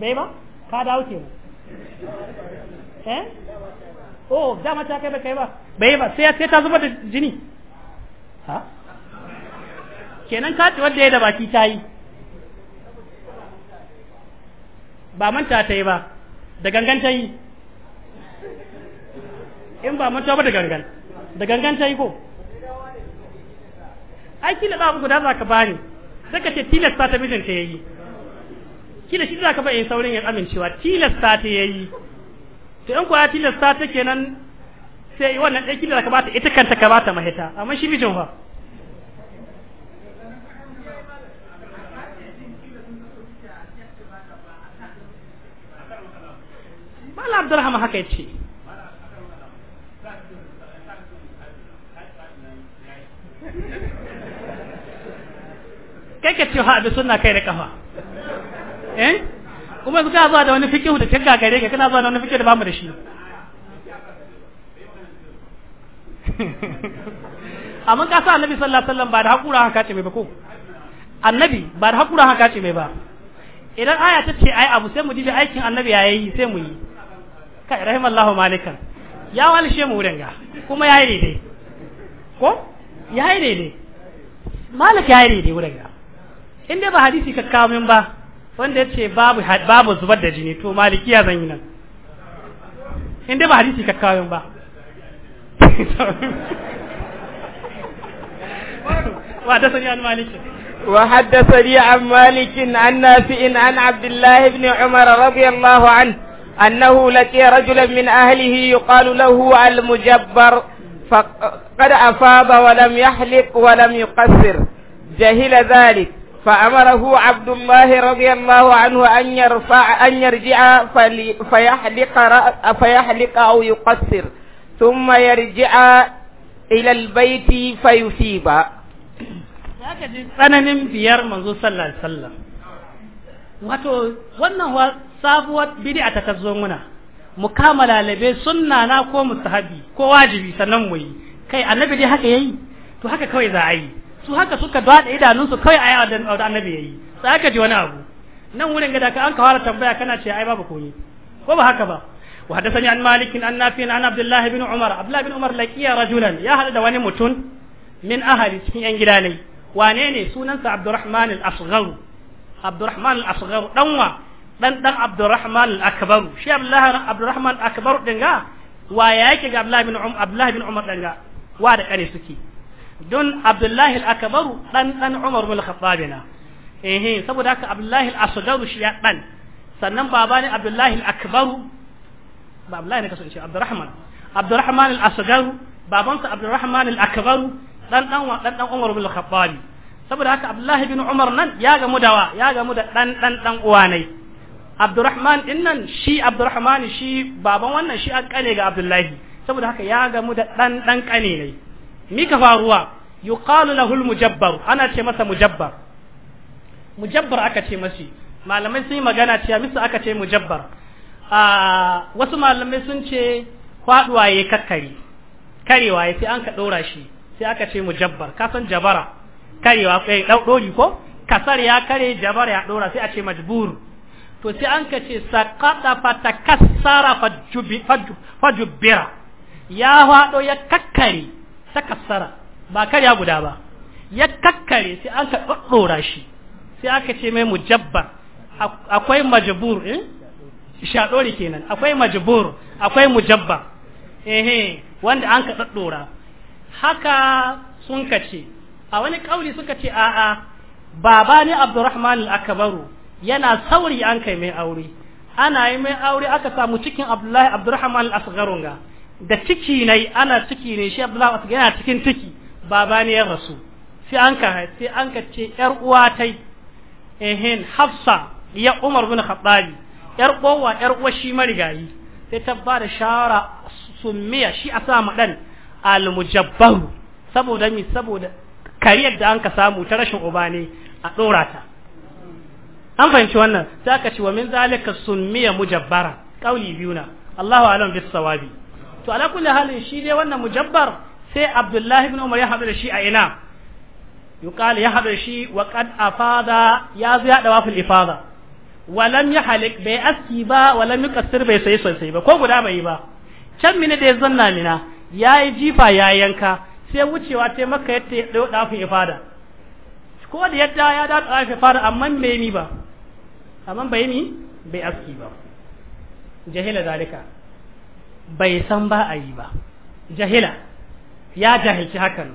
bai ba ka dawo ke mu eh oh dama ta kai ba kai ba bai ba sai sai ta zuba da jini ha kenan kaɗi wanda ya da baki ta yi ba manta ta yi ba da gangan ta yi in ba mutuwa ba da gangan da gangan ta yi ko ai kila ba guda za ka bani sai ka ce tilasta ta mijin ta yayi kila shi za ka bai saurin yin amincewa tilasta ta yayi to in kuwa tilasta ta kenan sai wannan ɗaya kila za ka bata ita kanta ka bata mahita amma shi mijin fa Allah Abdulrahman haka ya ce, kai ka ha abin sunna kai da kafa eh kuma yanzu kana zuwa da wani fikihu da kin gagare ka kana zuwa da wani fikihu da bamu da shi amma ka sa annabi sallallahu alaihi wasallam ba da hakura haka ce mai ba ko annabi ba da hakura haka ce mai ba idan aya ta ce ai abu sai mu dibi aikin annabi yayi sai mu yi kai rahimallahu malikan ya walshe mu wurin ga kuma yayi dai ko yayi dai malik yayi dai wurin ga in dai ba hadisi ka kawo min ba wanda ya ce babu zubar da jini to malikiya zan yi nan in dai ba hadisi ka kawo min ba wa da sani an maliki وحدثني عن مالك عن نافع عن عبد الله بن عمر رضي الله عنه أنه لقي رجلا من أهله يقال له المجبر فقد أفاض ولم يحلق ولم يقصر جهل ذلك فأمره عبد الله رضي الله عنه أن يرفع أن يرجع فيحلق فيحلق أو يقصر ثم يرجع إلى البيت فيثيب zaka ji tsananin biyar manzo sallallahu alaihi wato wannan sabuwar bid'a ta kazo muna mukamala labe sunna na ko mustahabi ko wajibi sannan mu yi kai annabi dai haka yayi to haka kawai za a yi su haka suka bada idanunsu kai a da annabi yayi sai aka ji wani abu nan wurin ga ka an kawara tambaya kana ce ai babu koyi ko ba haka ba wa hadathani an malik an nafi an abdullah ibn umar abdullah ibn umar laqiya rajulan ya hada da wani mutum min ahli cikin yan gida ne wane ne sunansa abdurrahman al-asghar abdurrahman al-asghar danwa dan dan abdurrahman al-akbar shi Abdullahi abdurrahman al-akbar dinga wa yake ga abdullah ibn um, umar abdullah ibn umar dinga wa da kare suke don abdullahi al'akabaru akbaru dan dan umar bin al-khattab saboda haka abdullahi al shi ya dan sannan baba ne abdullahi al'akabaru ba abdullahi ne kasu shi abdurrahman abdurrahman al-asghar babansa abdurrahman al'akabaru akbaru dan dan dan dan umar bin al saboda haka abdullahi bin umar nan ya gamu da wa ya gamu da dan dan dan uwa ne abdurrahman din nan shi abdurrahman shi baban wannan shi an kane ga abdullahi saboda haka ya gamu da dan dan kane ne mika faruwa yuqalu lahul mujabbar ana ce masa mujabbar mujabbar aka ce mashi malamai sun yi magana cewa bisa aka ce mujabbar a ah, wasu malamai sun ce faduwa yayi kakkari karewa ya sai an ka dora shi sai aka ce mujabbar ka san jabara karewa kai dori ko kasar ya kare jabar ya dora sai a ce majbur to sai an ka ce saqata fatakassara fajubira ya fado ya kakkare ta kassara ba karya guda ba ya kakkare sai an ka ɗaɗɗora shi sai aka ce mai mujabbar akwai majibur eh shaɗori kenan akwai majibur akwai mujabba ehe wanda an ka ɗaɗɗora haka sun ka ce a wani sun suka ce a'a baba ne Abdurrahman al yana sauri an kai mai aure ana yi mai aure aka samu cikin Abdullahi Abdurrahman al da ciki ne ana ciki ne shi yana cikin ciki baba ne ya rasu sai an ka sai an ka ce yar uwa yi ehin Hafsa ya Umar bin Khattabi yar uwa yar uwa shi marigayi sai ta ba da shawara summiya shi a sa maɗan al-mujabbaru saboda mi saboda kariyar da an ka samu ta rashin uba ne a dora ta an fahimci wannan sai aka ce wa min zalika summiya mujabbara kauli biyu na Allahu a'lam bis sawabi to ala kulli halin shi dai wannan mujabbar sai abdullahi ibn umar ya haɗu da shi a ina yuqal ya haɗu da shi wa qad afada ya zo ya dawa fil ifada walam ya halik bai aski ba walam yuqassir bai sai sosai ba ko guda bai ba can mini da ya zanna mina yayi jifa ya yanka sai wucewa ta maka yatta ya dawa fil ifada ko da yadda ya dawa fil ifada amma bai ni ba amma bai ni bai aski ba jahila zalika bai san ba a yi ba jahila ya jahilci hakan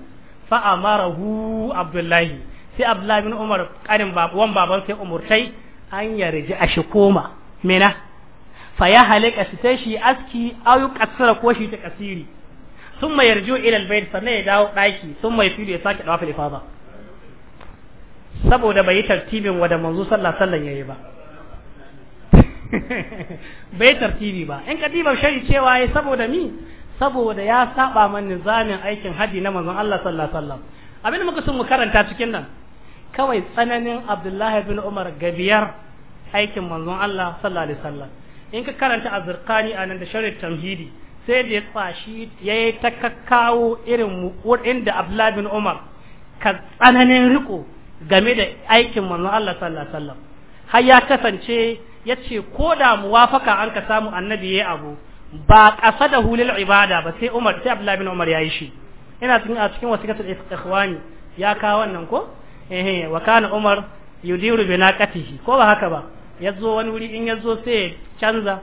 fa amarahu abdullahi sai abdullahi bin umar karin babuwan baban sai umurtai an yarji a shi koma mena fa ya halika shi sai shi aski ayu kasara ko shi ta kasiri sun mai yarju ila albayt sannan ya dawo daki sun mai fili ya sake dawa fil ifada saboda bai tartibin wa manzo sallallahu alaihi wasallam yayi ba bai tartibi ba in katibar shari cewa ya saboda mi saboda ya saba man nizamin aikin haji na mazan Allah sallallahu abin muka sun mu karanta cikin nan kawai tsananin Abdullahi bin Umar gabiyar aikin manzon Allah sallallahu in ka karanta a nan da sharri tamhidi sai da ya tsashi yayi ta kakawo irin wurin da Abdullahi bin Umar ka tsananin riko game da aikin manzon Allah sallallahu har ya kasance ya ce ko da muwafaka an ka samu annabi ya abu ba ƙasa da hulil ibada ba sai umar sai abdullahi umar ya yi shi ina cikin a cikin wasu kasar ikhwani ya kawo wannan ko ehe wa kana umar yudiru bi naqatihi ko ba haka ba yazo wani wuri in yazo sai canza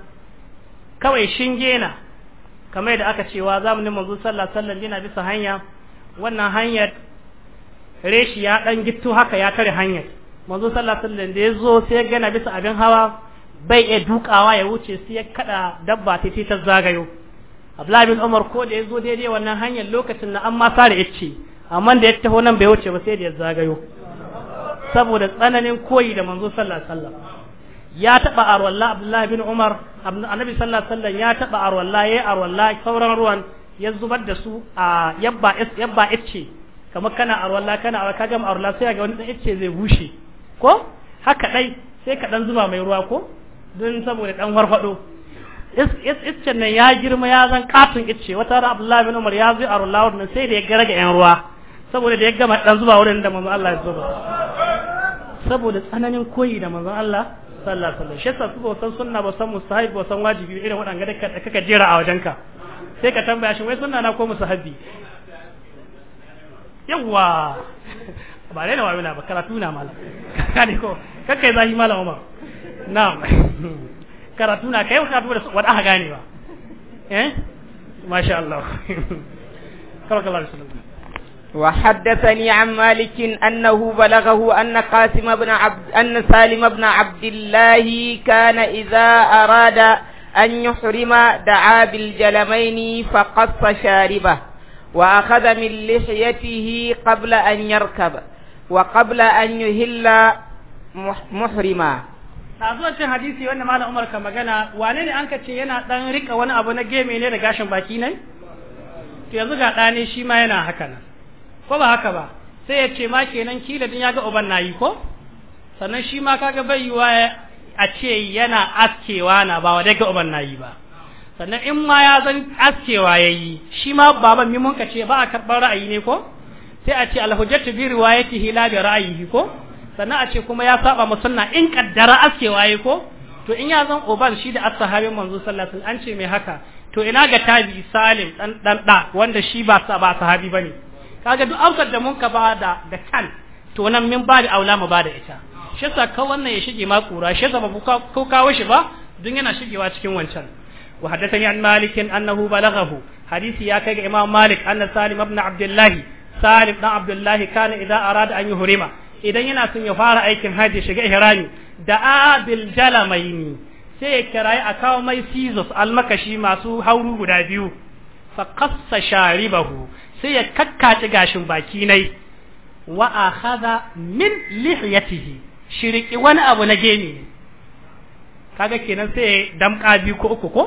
kawai shinge na kamar yadda aka cewa zamanin manzo sallallahu alaihi wasallam yana bisa hanya wannan hanyar reshi ya dan gittu haka ya tare hanyar manzo sallallahu alaihi wasallam da yazo sai gana bisa abin hawa bai iya dukawa ya wuce sai ya kada dabba ta ce ta zagayo Abdullahi bin Umar ko da yazo daidai wannan hanyar lokacin na an ma sare yace amma da ya taho nan bai wuce ba sai da ya zagayo saboda tsananin koyi da manzo sallallahu alaihi wasallam ya taba arwalla Abdullahi bin Umar Annabi sallallahu alaihi wasallam ya taba arwalla yayi arwalla sauran ruwan ya zubar da su a yabba yabba yace kamar kana arwalla kana arwalla ka gama arwalla sai ga wani dan yace zai bushe ko haka dai sai ka dan zuba mai ruwa ko don saboda dan warfado iccen nan ya girma ya zan katun icce wata ran Abdullahi bin Umar ya zai a rullawar nan sai da ya gara ga yan ruwa saboda da ya gama dan zuba wurin da manzo Allah ya zuba saboda tsananin koyi da manzo Allah sallallahu alaihi wasallam shi yasa su ba san sunna ba san mustahib ba san wajibi irin waɗanda da kaka jera a wajenka sai ka tambaya shi wai sunna na ko musahabi yawa ba raina wayo ba karatu na malam kane ko kakkai zahi malam Umar na'am karatu na kai karatu da wada ha gane ba eh masha Allah karaka Allah sallallahu وحدثني عن مالك أنه بلغه أن قاسم بن عبد أن سالم بن عبد الله كان إذا أراد أن يحرم دعا بالجلمين فقص شاربه وأخذ من لحيته قبل أن يركب wa qabla an yuhilla muhrima na zuwa cin hadisi wanda malam Umar ka magana wane ne an kace yana dan rika wani abu na geme ne da gashin baki ne to yanzu ga dane shi ma yana haka nan ko ba haka ba sai ya ce ma kenan kila din ya ga uban nayi ko sannan shi ma kaga bai yiwa a ce yana askewa na ba wadai ga uban nayi ba sannan in ma ya zan askewa yayi shi ma baban mi ce kace ba a karɓar ra'ayi ne ko sai a ce alhujjatu bi riwayatihi la bi ra'yihi ko sannan a ce kuma ya saba ma sunna in kaddara aske waye ko to in ya zan oban shi da ashabin manzo sallallahu alaihi an ce mai haka to ina ga tabi salim dan dan da wanda shi ba ba sahabi bane kaga duk aukar da mun ka ba da kan to nan min ba da aula mu da ita shi yasa ka wannan ya shige ma kura shi yasa ba ko kawo shi ba dun yana shigewa cikin wancan wa haddathani an malik annahu balaghahu hadisi ya kai ga imam malik anna salim ibn abdullahi salim dan abdullahi kana idan arada an yi hurima idan yana son ya fara aikin haji shiga ihrami da abil jalamaini sai ya kirayi a kawo mai sizos almakashi masu hauru guda biyu fa qassa sharibahu sai ya kakkace gashin baki nai wa akhadha min lihiyatihi shiriki wani abu na gemi kaga kenan sai damka biyu ko uku ko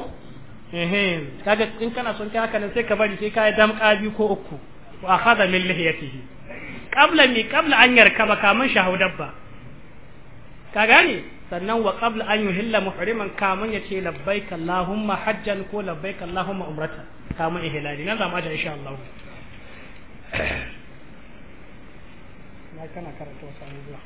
ehem kaga in kana son kai haka nan sai ka bari sai ka damka biyu ko uku wa akhadha min lihiyatihi qabla mi qabla an yarkaba kamun shahu dabba ka gani sannan wa qabla an yuhilla muhriman kamun yace labbaik allahumma hajjan ko labbaik allahumma umrata kamun ihlali nan zamu aje insha Allah na kana karanta wasu zuwa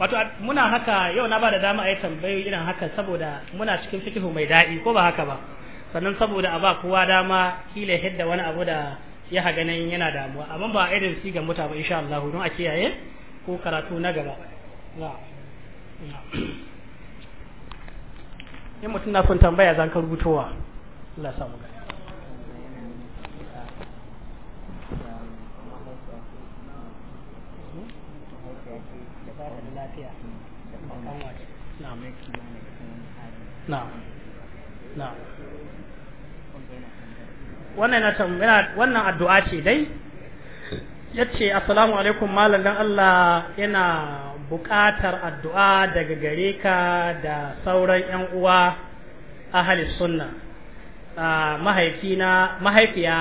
wato muna haka yau na ba da dama a yi tambayoyi irin haka saboda muna cikin fikihu mai daɗi ko ba haka ba sannan saboda a ba kowa dama kila hidda wani abu da ya ha ganin yana damuwa amma ba irin su ga muta ba insha Allah don a kiyaye ko karatu na gaba ya mutum na son tambaya zan ka rubutowa Allah samu gani نعم نعم نعم wannan addu'a ce dai yace assalamu alaikum malam Allah yana buƙatar addu'a daga gare ka da sauran yan uwa a ahli sunna mahaifiya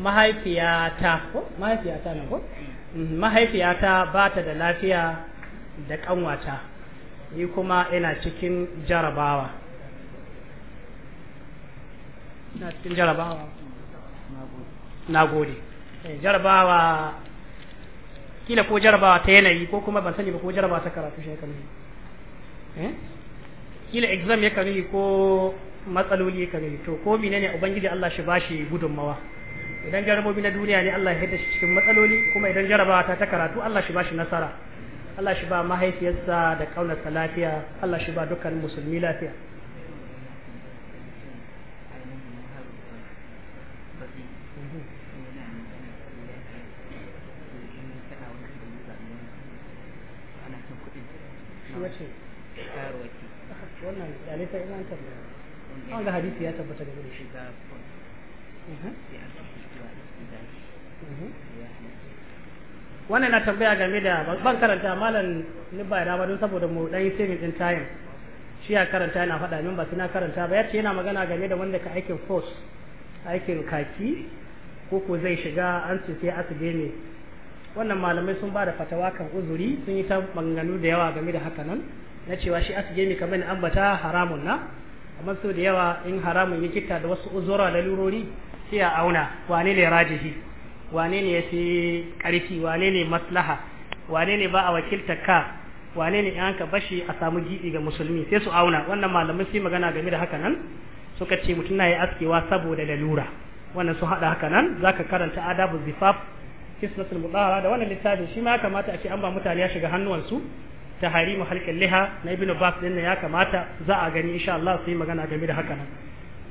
mahaifiyata bata mhm, ba ta da lafiya da kanwata ni kuma ina cikin jarabawa na cikin jarabawa na eh, jarabawa kila ko jarabawa ta yanayi ko kuma ban sani ba ko jarabawa ta karatu shi kan eh? kila exam ya kare ko matsaloli ya kare to ko mIne ne ubangiji Allah shi bashi gudunmawa idan jarabobi na duniya ne Allah ya haɗa shi cikin matsaloli kuma idan jarabawa ta ta karatu Allah shi bashi nasara Allah shi ba mahaifiyarsa da kaunarsa lafiya Allah shi ba dukkan musulmi lafiya tambaya game da ban karanta malam ni ba da don saboda mu dai sai din time shi ya karanta yana faɗa min ba sai na karanta ba yace yana magana game da wanda ka aikin force aikin kaki ko ko zai shiga an ce sai ne wannan malamai sun ba da fatawa kan uzuri sun yi ta maganganu da yawa game da haka nan na cewa shi asibe ne kamar ambata haramun na amma so da yawa in haramun ya kitta da wasu uzura da lurori sai a auna wane ne rajihi wane ne ya fi ƙarfi wane ne maslaha wane ne ba a wakilta ka wane ne yanka bashi a samu giɓi ga musulmi sai su auna wannan malamai sai magana game da haka nan suka ce mutum na yi askewa saboda lalura wannan sun haɗa haka nan za ka karanta adabu zifaf kisnatul mudahara da wannan littafin shi ma ya kamata a ce an ba mutane ya shiga hannuwansu ta mu halkin liha na ibnu bas din ya kamata za a gani insha Allah yi magana game da haka nan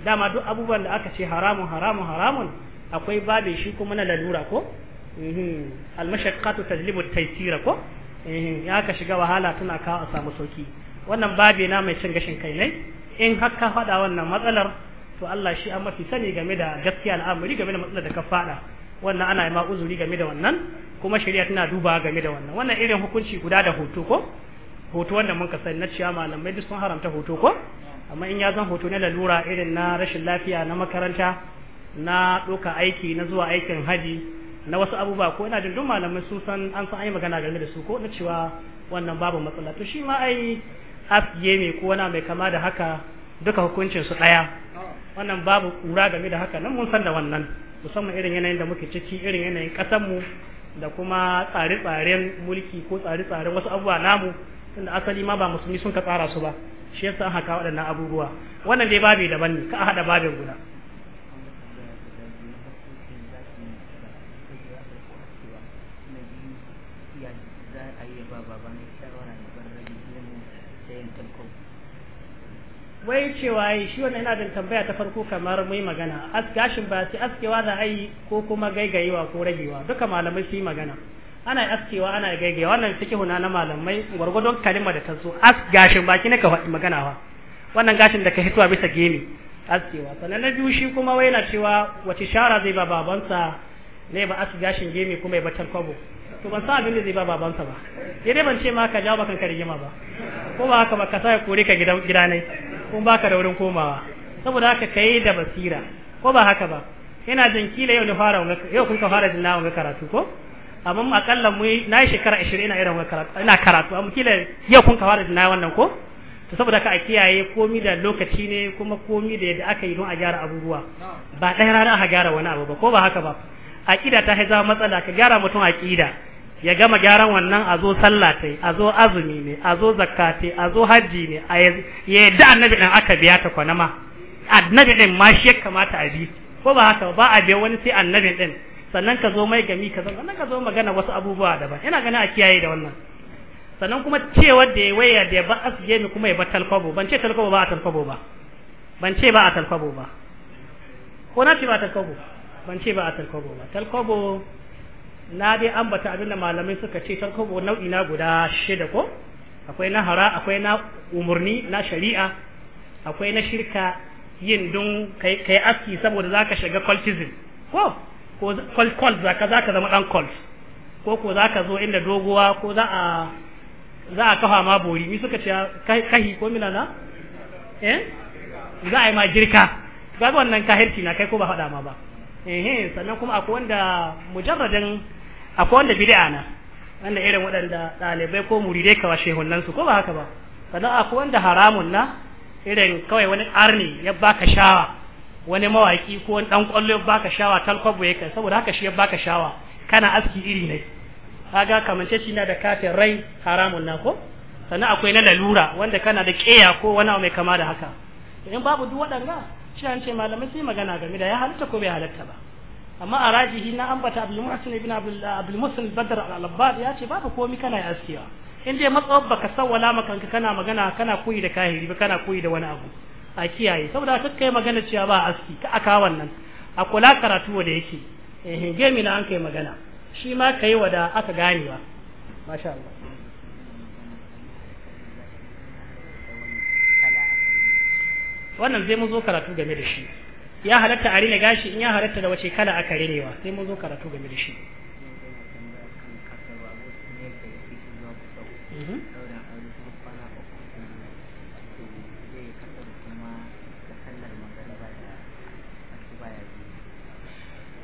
dama duk abubuwan da aka ce haramun haramun haramun akwai babin shi kuma na lalura ko mhm. almashaqqatu tajlibu taysira ko ya mhm. ka shiga wahala tana kawo a samu sauki wannan babi na mai cin gashin kai ne in har ka faɗa wannan matsalar to Allah shi an mafi sani game da gaskiya al'amari game da matsalar da ka faɗa wannan ana yi ma uzuri game da wannan kuma shari'a tana duba game da wannan wannan irin hukunci guda da hoto ko hoto wanda mun ka sani na ciya malamai duk sun haramta hoto ko amma in ya zan hoto na lalura irin na rashin lafiya na makaranta na ɗauka aiki na zuwa aikin haji na wasu abubuwa ko ina jin duk malamai su san an san yi magana game da su ko na cewa wannan babu matsala to shi ma ai afiye ne ko wani mai kama da haka duka hukuncin su ɗaya wannan babu kura game da haka nan mun san da wannan musamman irin yanayin da muke ciki irin yanayin mu da kuma tsare-tsaren mulki ko tsare-tsaren wasu abubuwa namu tunda asali ma ba musulmi sun ka tsara su ba shi yasa haka waɗannan abubuwa wannan dai babi daban ne ka a haɗa babin guda wai cewa yi shi wannan yana da tambaya ta farko kamar mai magana as gashin ba sai askewa za a yi ko kuma gaigayewa ko ragewa duka malamai su yi magana ana askewa ana gaigayewa wannan suke huna na malamai gwargwadon kalima da ta zo as gashin ba ne ka faɗi magana ba wannan gashin da ka hitowa bisa gemi askewa sannan na biyu shi kuma wai na cewa wace shara zai ba babansa ne ba as gashin gemi kuma ya batar kwabo to ban sa abin da zai ba babansa ba ya dai ban ce ma ka jawo ba ka rigima ba ko ba haka ba ka sa ya kore ka gidanai kun baka da wurin komawa saboda haka kai da basira ko ba haka ba ina jin kila yau ne fara yau kun ka fara dinna wanga karatu ko amma akalla mu na shekara 20 ina irin wanga karatu ina karatu amma kila yau kun ka fara dinna wannan ko to saboda ka a kiyaye komi da lokaci ne kuma komi da yadda aka yi don a gyara abubuwa ba ɗaya rana aka gyara wani abu ba ko ba haka ba aƙida ta zama matsala ka gyara mutum aƙida ya gama gyaran wannan a zo sallah a zo azumi ne a zo zakka a zo hajji ne a da annabi ɗin aka biya ta kwana ma annabi ɗin ma shi ya kamata a bi ko ba haka ba a biya wani sai annabi ɗin sannan ka zo mai gami ka sannan ka zo magana wasu abubuwa daban ina ganin a kiyaye da wannan sannan kuma cewar da ya waya da ya ba asige ni kuma ya ba talkwabo ban ce talkwabo ba a talkwabo ba ban ce ba a talkwabo ba ko na ce ba a talkwabo ban ce ba a talkwabo ba talkwabo na dai ambata abinda malamai suka ce tarkobo nau'i na guda shida ko akwai na hara akwai na umurni na shari'a akwai na shirka yin dun kai aski saboda zaka shiga cultism ko ko cult cult zaka zaka zama dan cult ko ko zaka zo inda doguwa ko za a za a kafa ma bori ni suka ce kahi ko na. eh za a yi ma girka ga wannan kahirci na kai ko ba faɗa ma ba sannan kuma akwai wanda mujarradin akwai wanda bid'a na wanda irin waɗanda ɗalibai ko muridai kawa shehunan su ko ba haka ba sannan akwai wanda haramun na irin kawai wani arni ya baka shawa wani mawaki ko wani dan kwallo ya baka shawa ya kai saboda haka shi ya baka shawa kana aski iri ne kaga kamance shi na da katin rai haramun na ko sannan akwai na lalura wanda kana da ƙeya ko wani mai kama da haka in babu duk waɗanda shi an ce malamai sai magana game da ya halitta ko bai halitta ba amma a rajihi na ambata abul muhsin ibn abul muhsin badr al abbad ya ce babu komai kana yi askewa in dai matsawar baka sawwala makanka kana magana kana koyi da kahiri ba kana koyi da wani abu a kiyaye saboda kakka yi magana cewa ba aski ka aka wannan a kula karatu da yake eh gemi an kai magana shi ma kai wada aka ganewa masha Allah wannan zai mu zo karatu game da shi ya halatta a rina gashi in ya halatta da wace kala aka rinewa sai mun zo karatu game da shi mhm.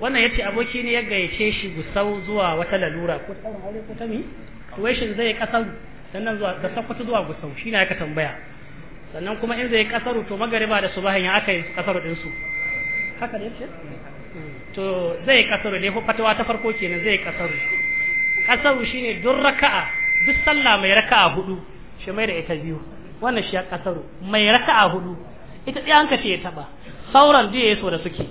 wannan yace aboki ne ya gayyace shi gusau zuwa wata lalura ko tsawon aure ko ta mi to shin zai kasar sannan zuwa da sakkwato zuwa gusau ne aka tambaya sannan kuma in zai kasaru to magariba da subahin ya aka yi kasaru din su haka ne ce to zai kasaru ne fatawa ta farko kenan zai kasaru kasaru shine duk raka'a duk sallah mai raka'a hudu shi mai da ita biyu wannan shi ya kasaru mai raka'a hudu ita dai an kace ya ba sauran duk yayi so da suke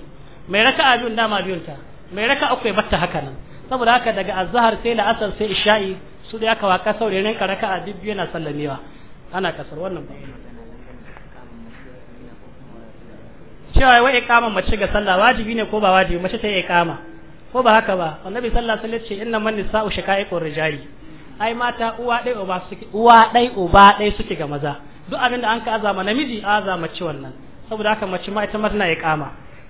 mai raka'a biyun dama biyun ta mai raka'a uku ya batta haka nan saboda haka daga azhar sai la'asar sai isha'i su da aka waka ka raka'a duk biyu na sallamewa ana kasar wannan ba cewa wai ikama mace ga sallah wajibi ne ko ba wajibi mace ta yi ikama ko ba haka ba annabi sallallahu alaihi wasallam ce inna man nisa'u shaka'iqur rijali ai mata uwa dai uba suke uwa dai uba dai suke ga maza duk abin da an ka azama namiji azama mace wannan saboda haka mace ma ita ma tana ikama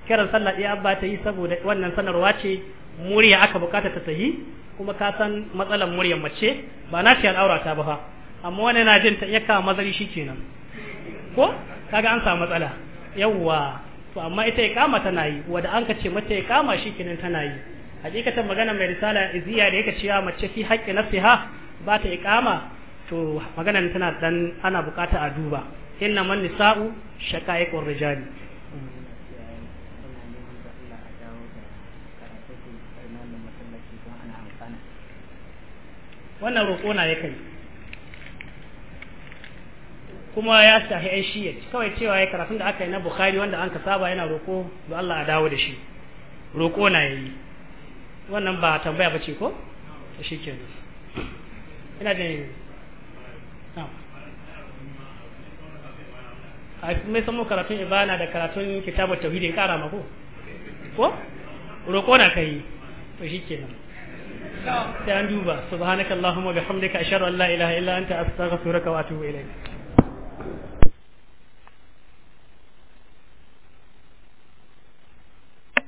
kiran sallah iya abba ta yi saboda wannan sanarwa ce murya aka bukata ta tahi kuma ka san matsalar muryar mace ba na ce al'aura ta ba fa amma wani na jin ta iya kawo mazari kenan ko kaga an samu matsala yawwa to amma ita ya kama tana yi wanda an ka ce mata shi kinin tana yi hakikatan magana mai risala iziya da yake cewa mace fi haƙƙi ha, ba ta iqama to maganan tana dan ana bukata a duba inna man nisa'u shaqaiqur rijali wannan roƙo na ya kai kuma ya shahi ai shi yace kawai cewa ya karatun da aka yi na bukhari wanda an ka saba yana roko da Allah a dawo da shi roko na yi wannan ba tambaya ba ce ko shi ke ina da a mai samu karatun ibana da karatun kitabu tauhidin kara mako ko roko na kai to shi ke nan sai an duba subhanakallahumma bihamdika ashhadu an la ilaha illa anta astaghfiruka wa atubu ilayk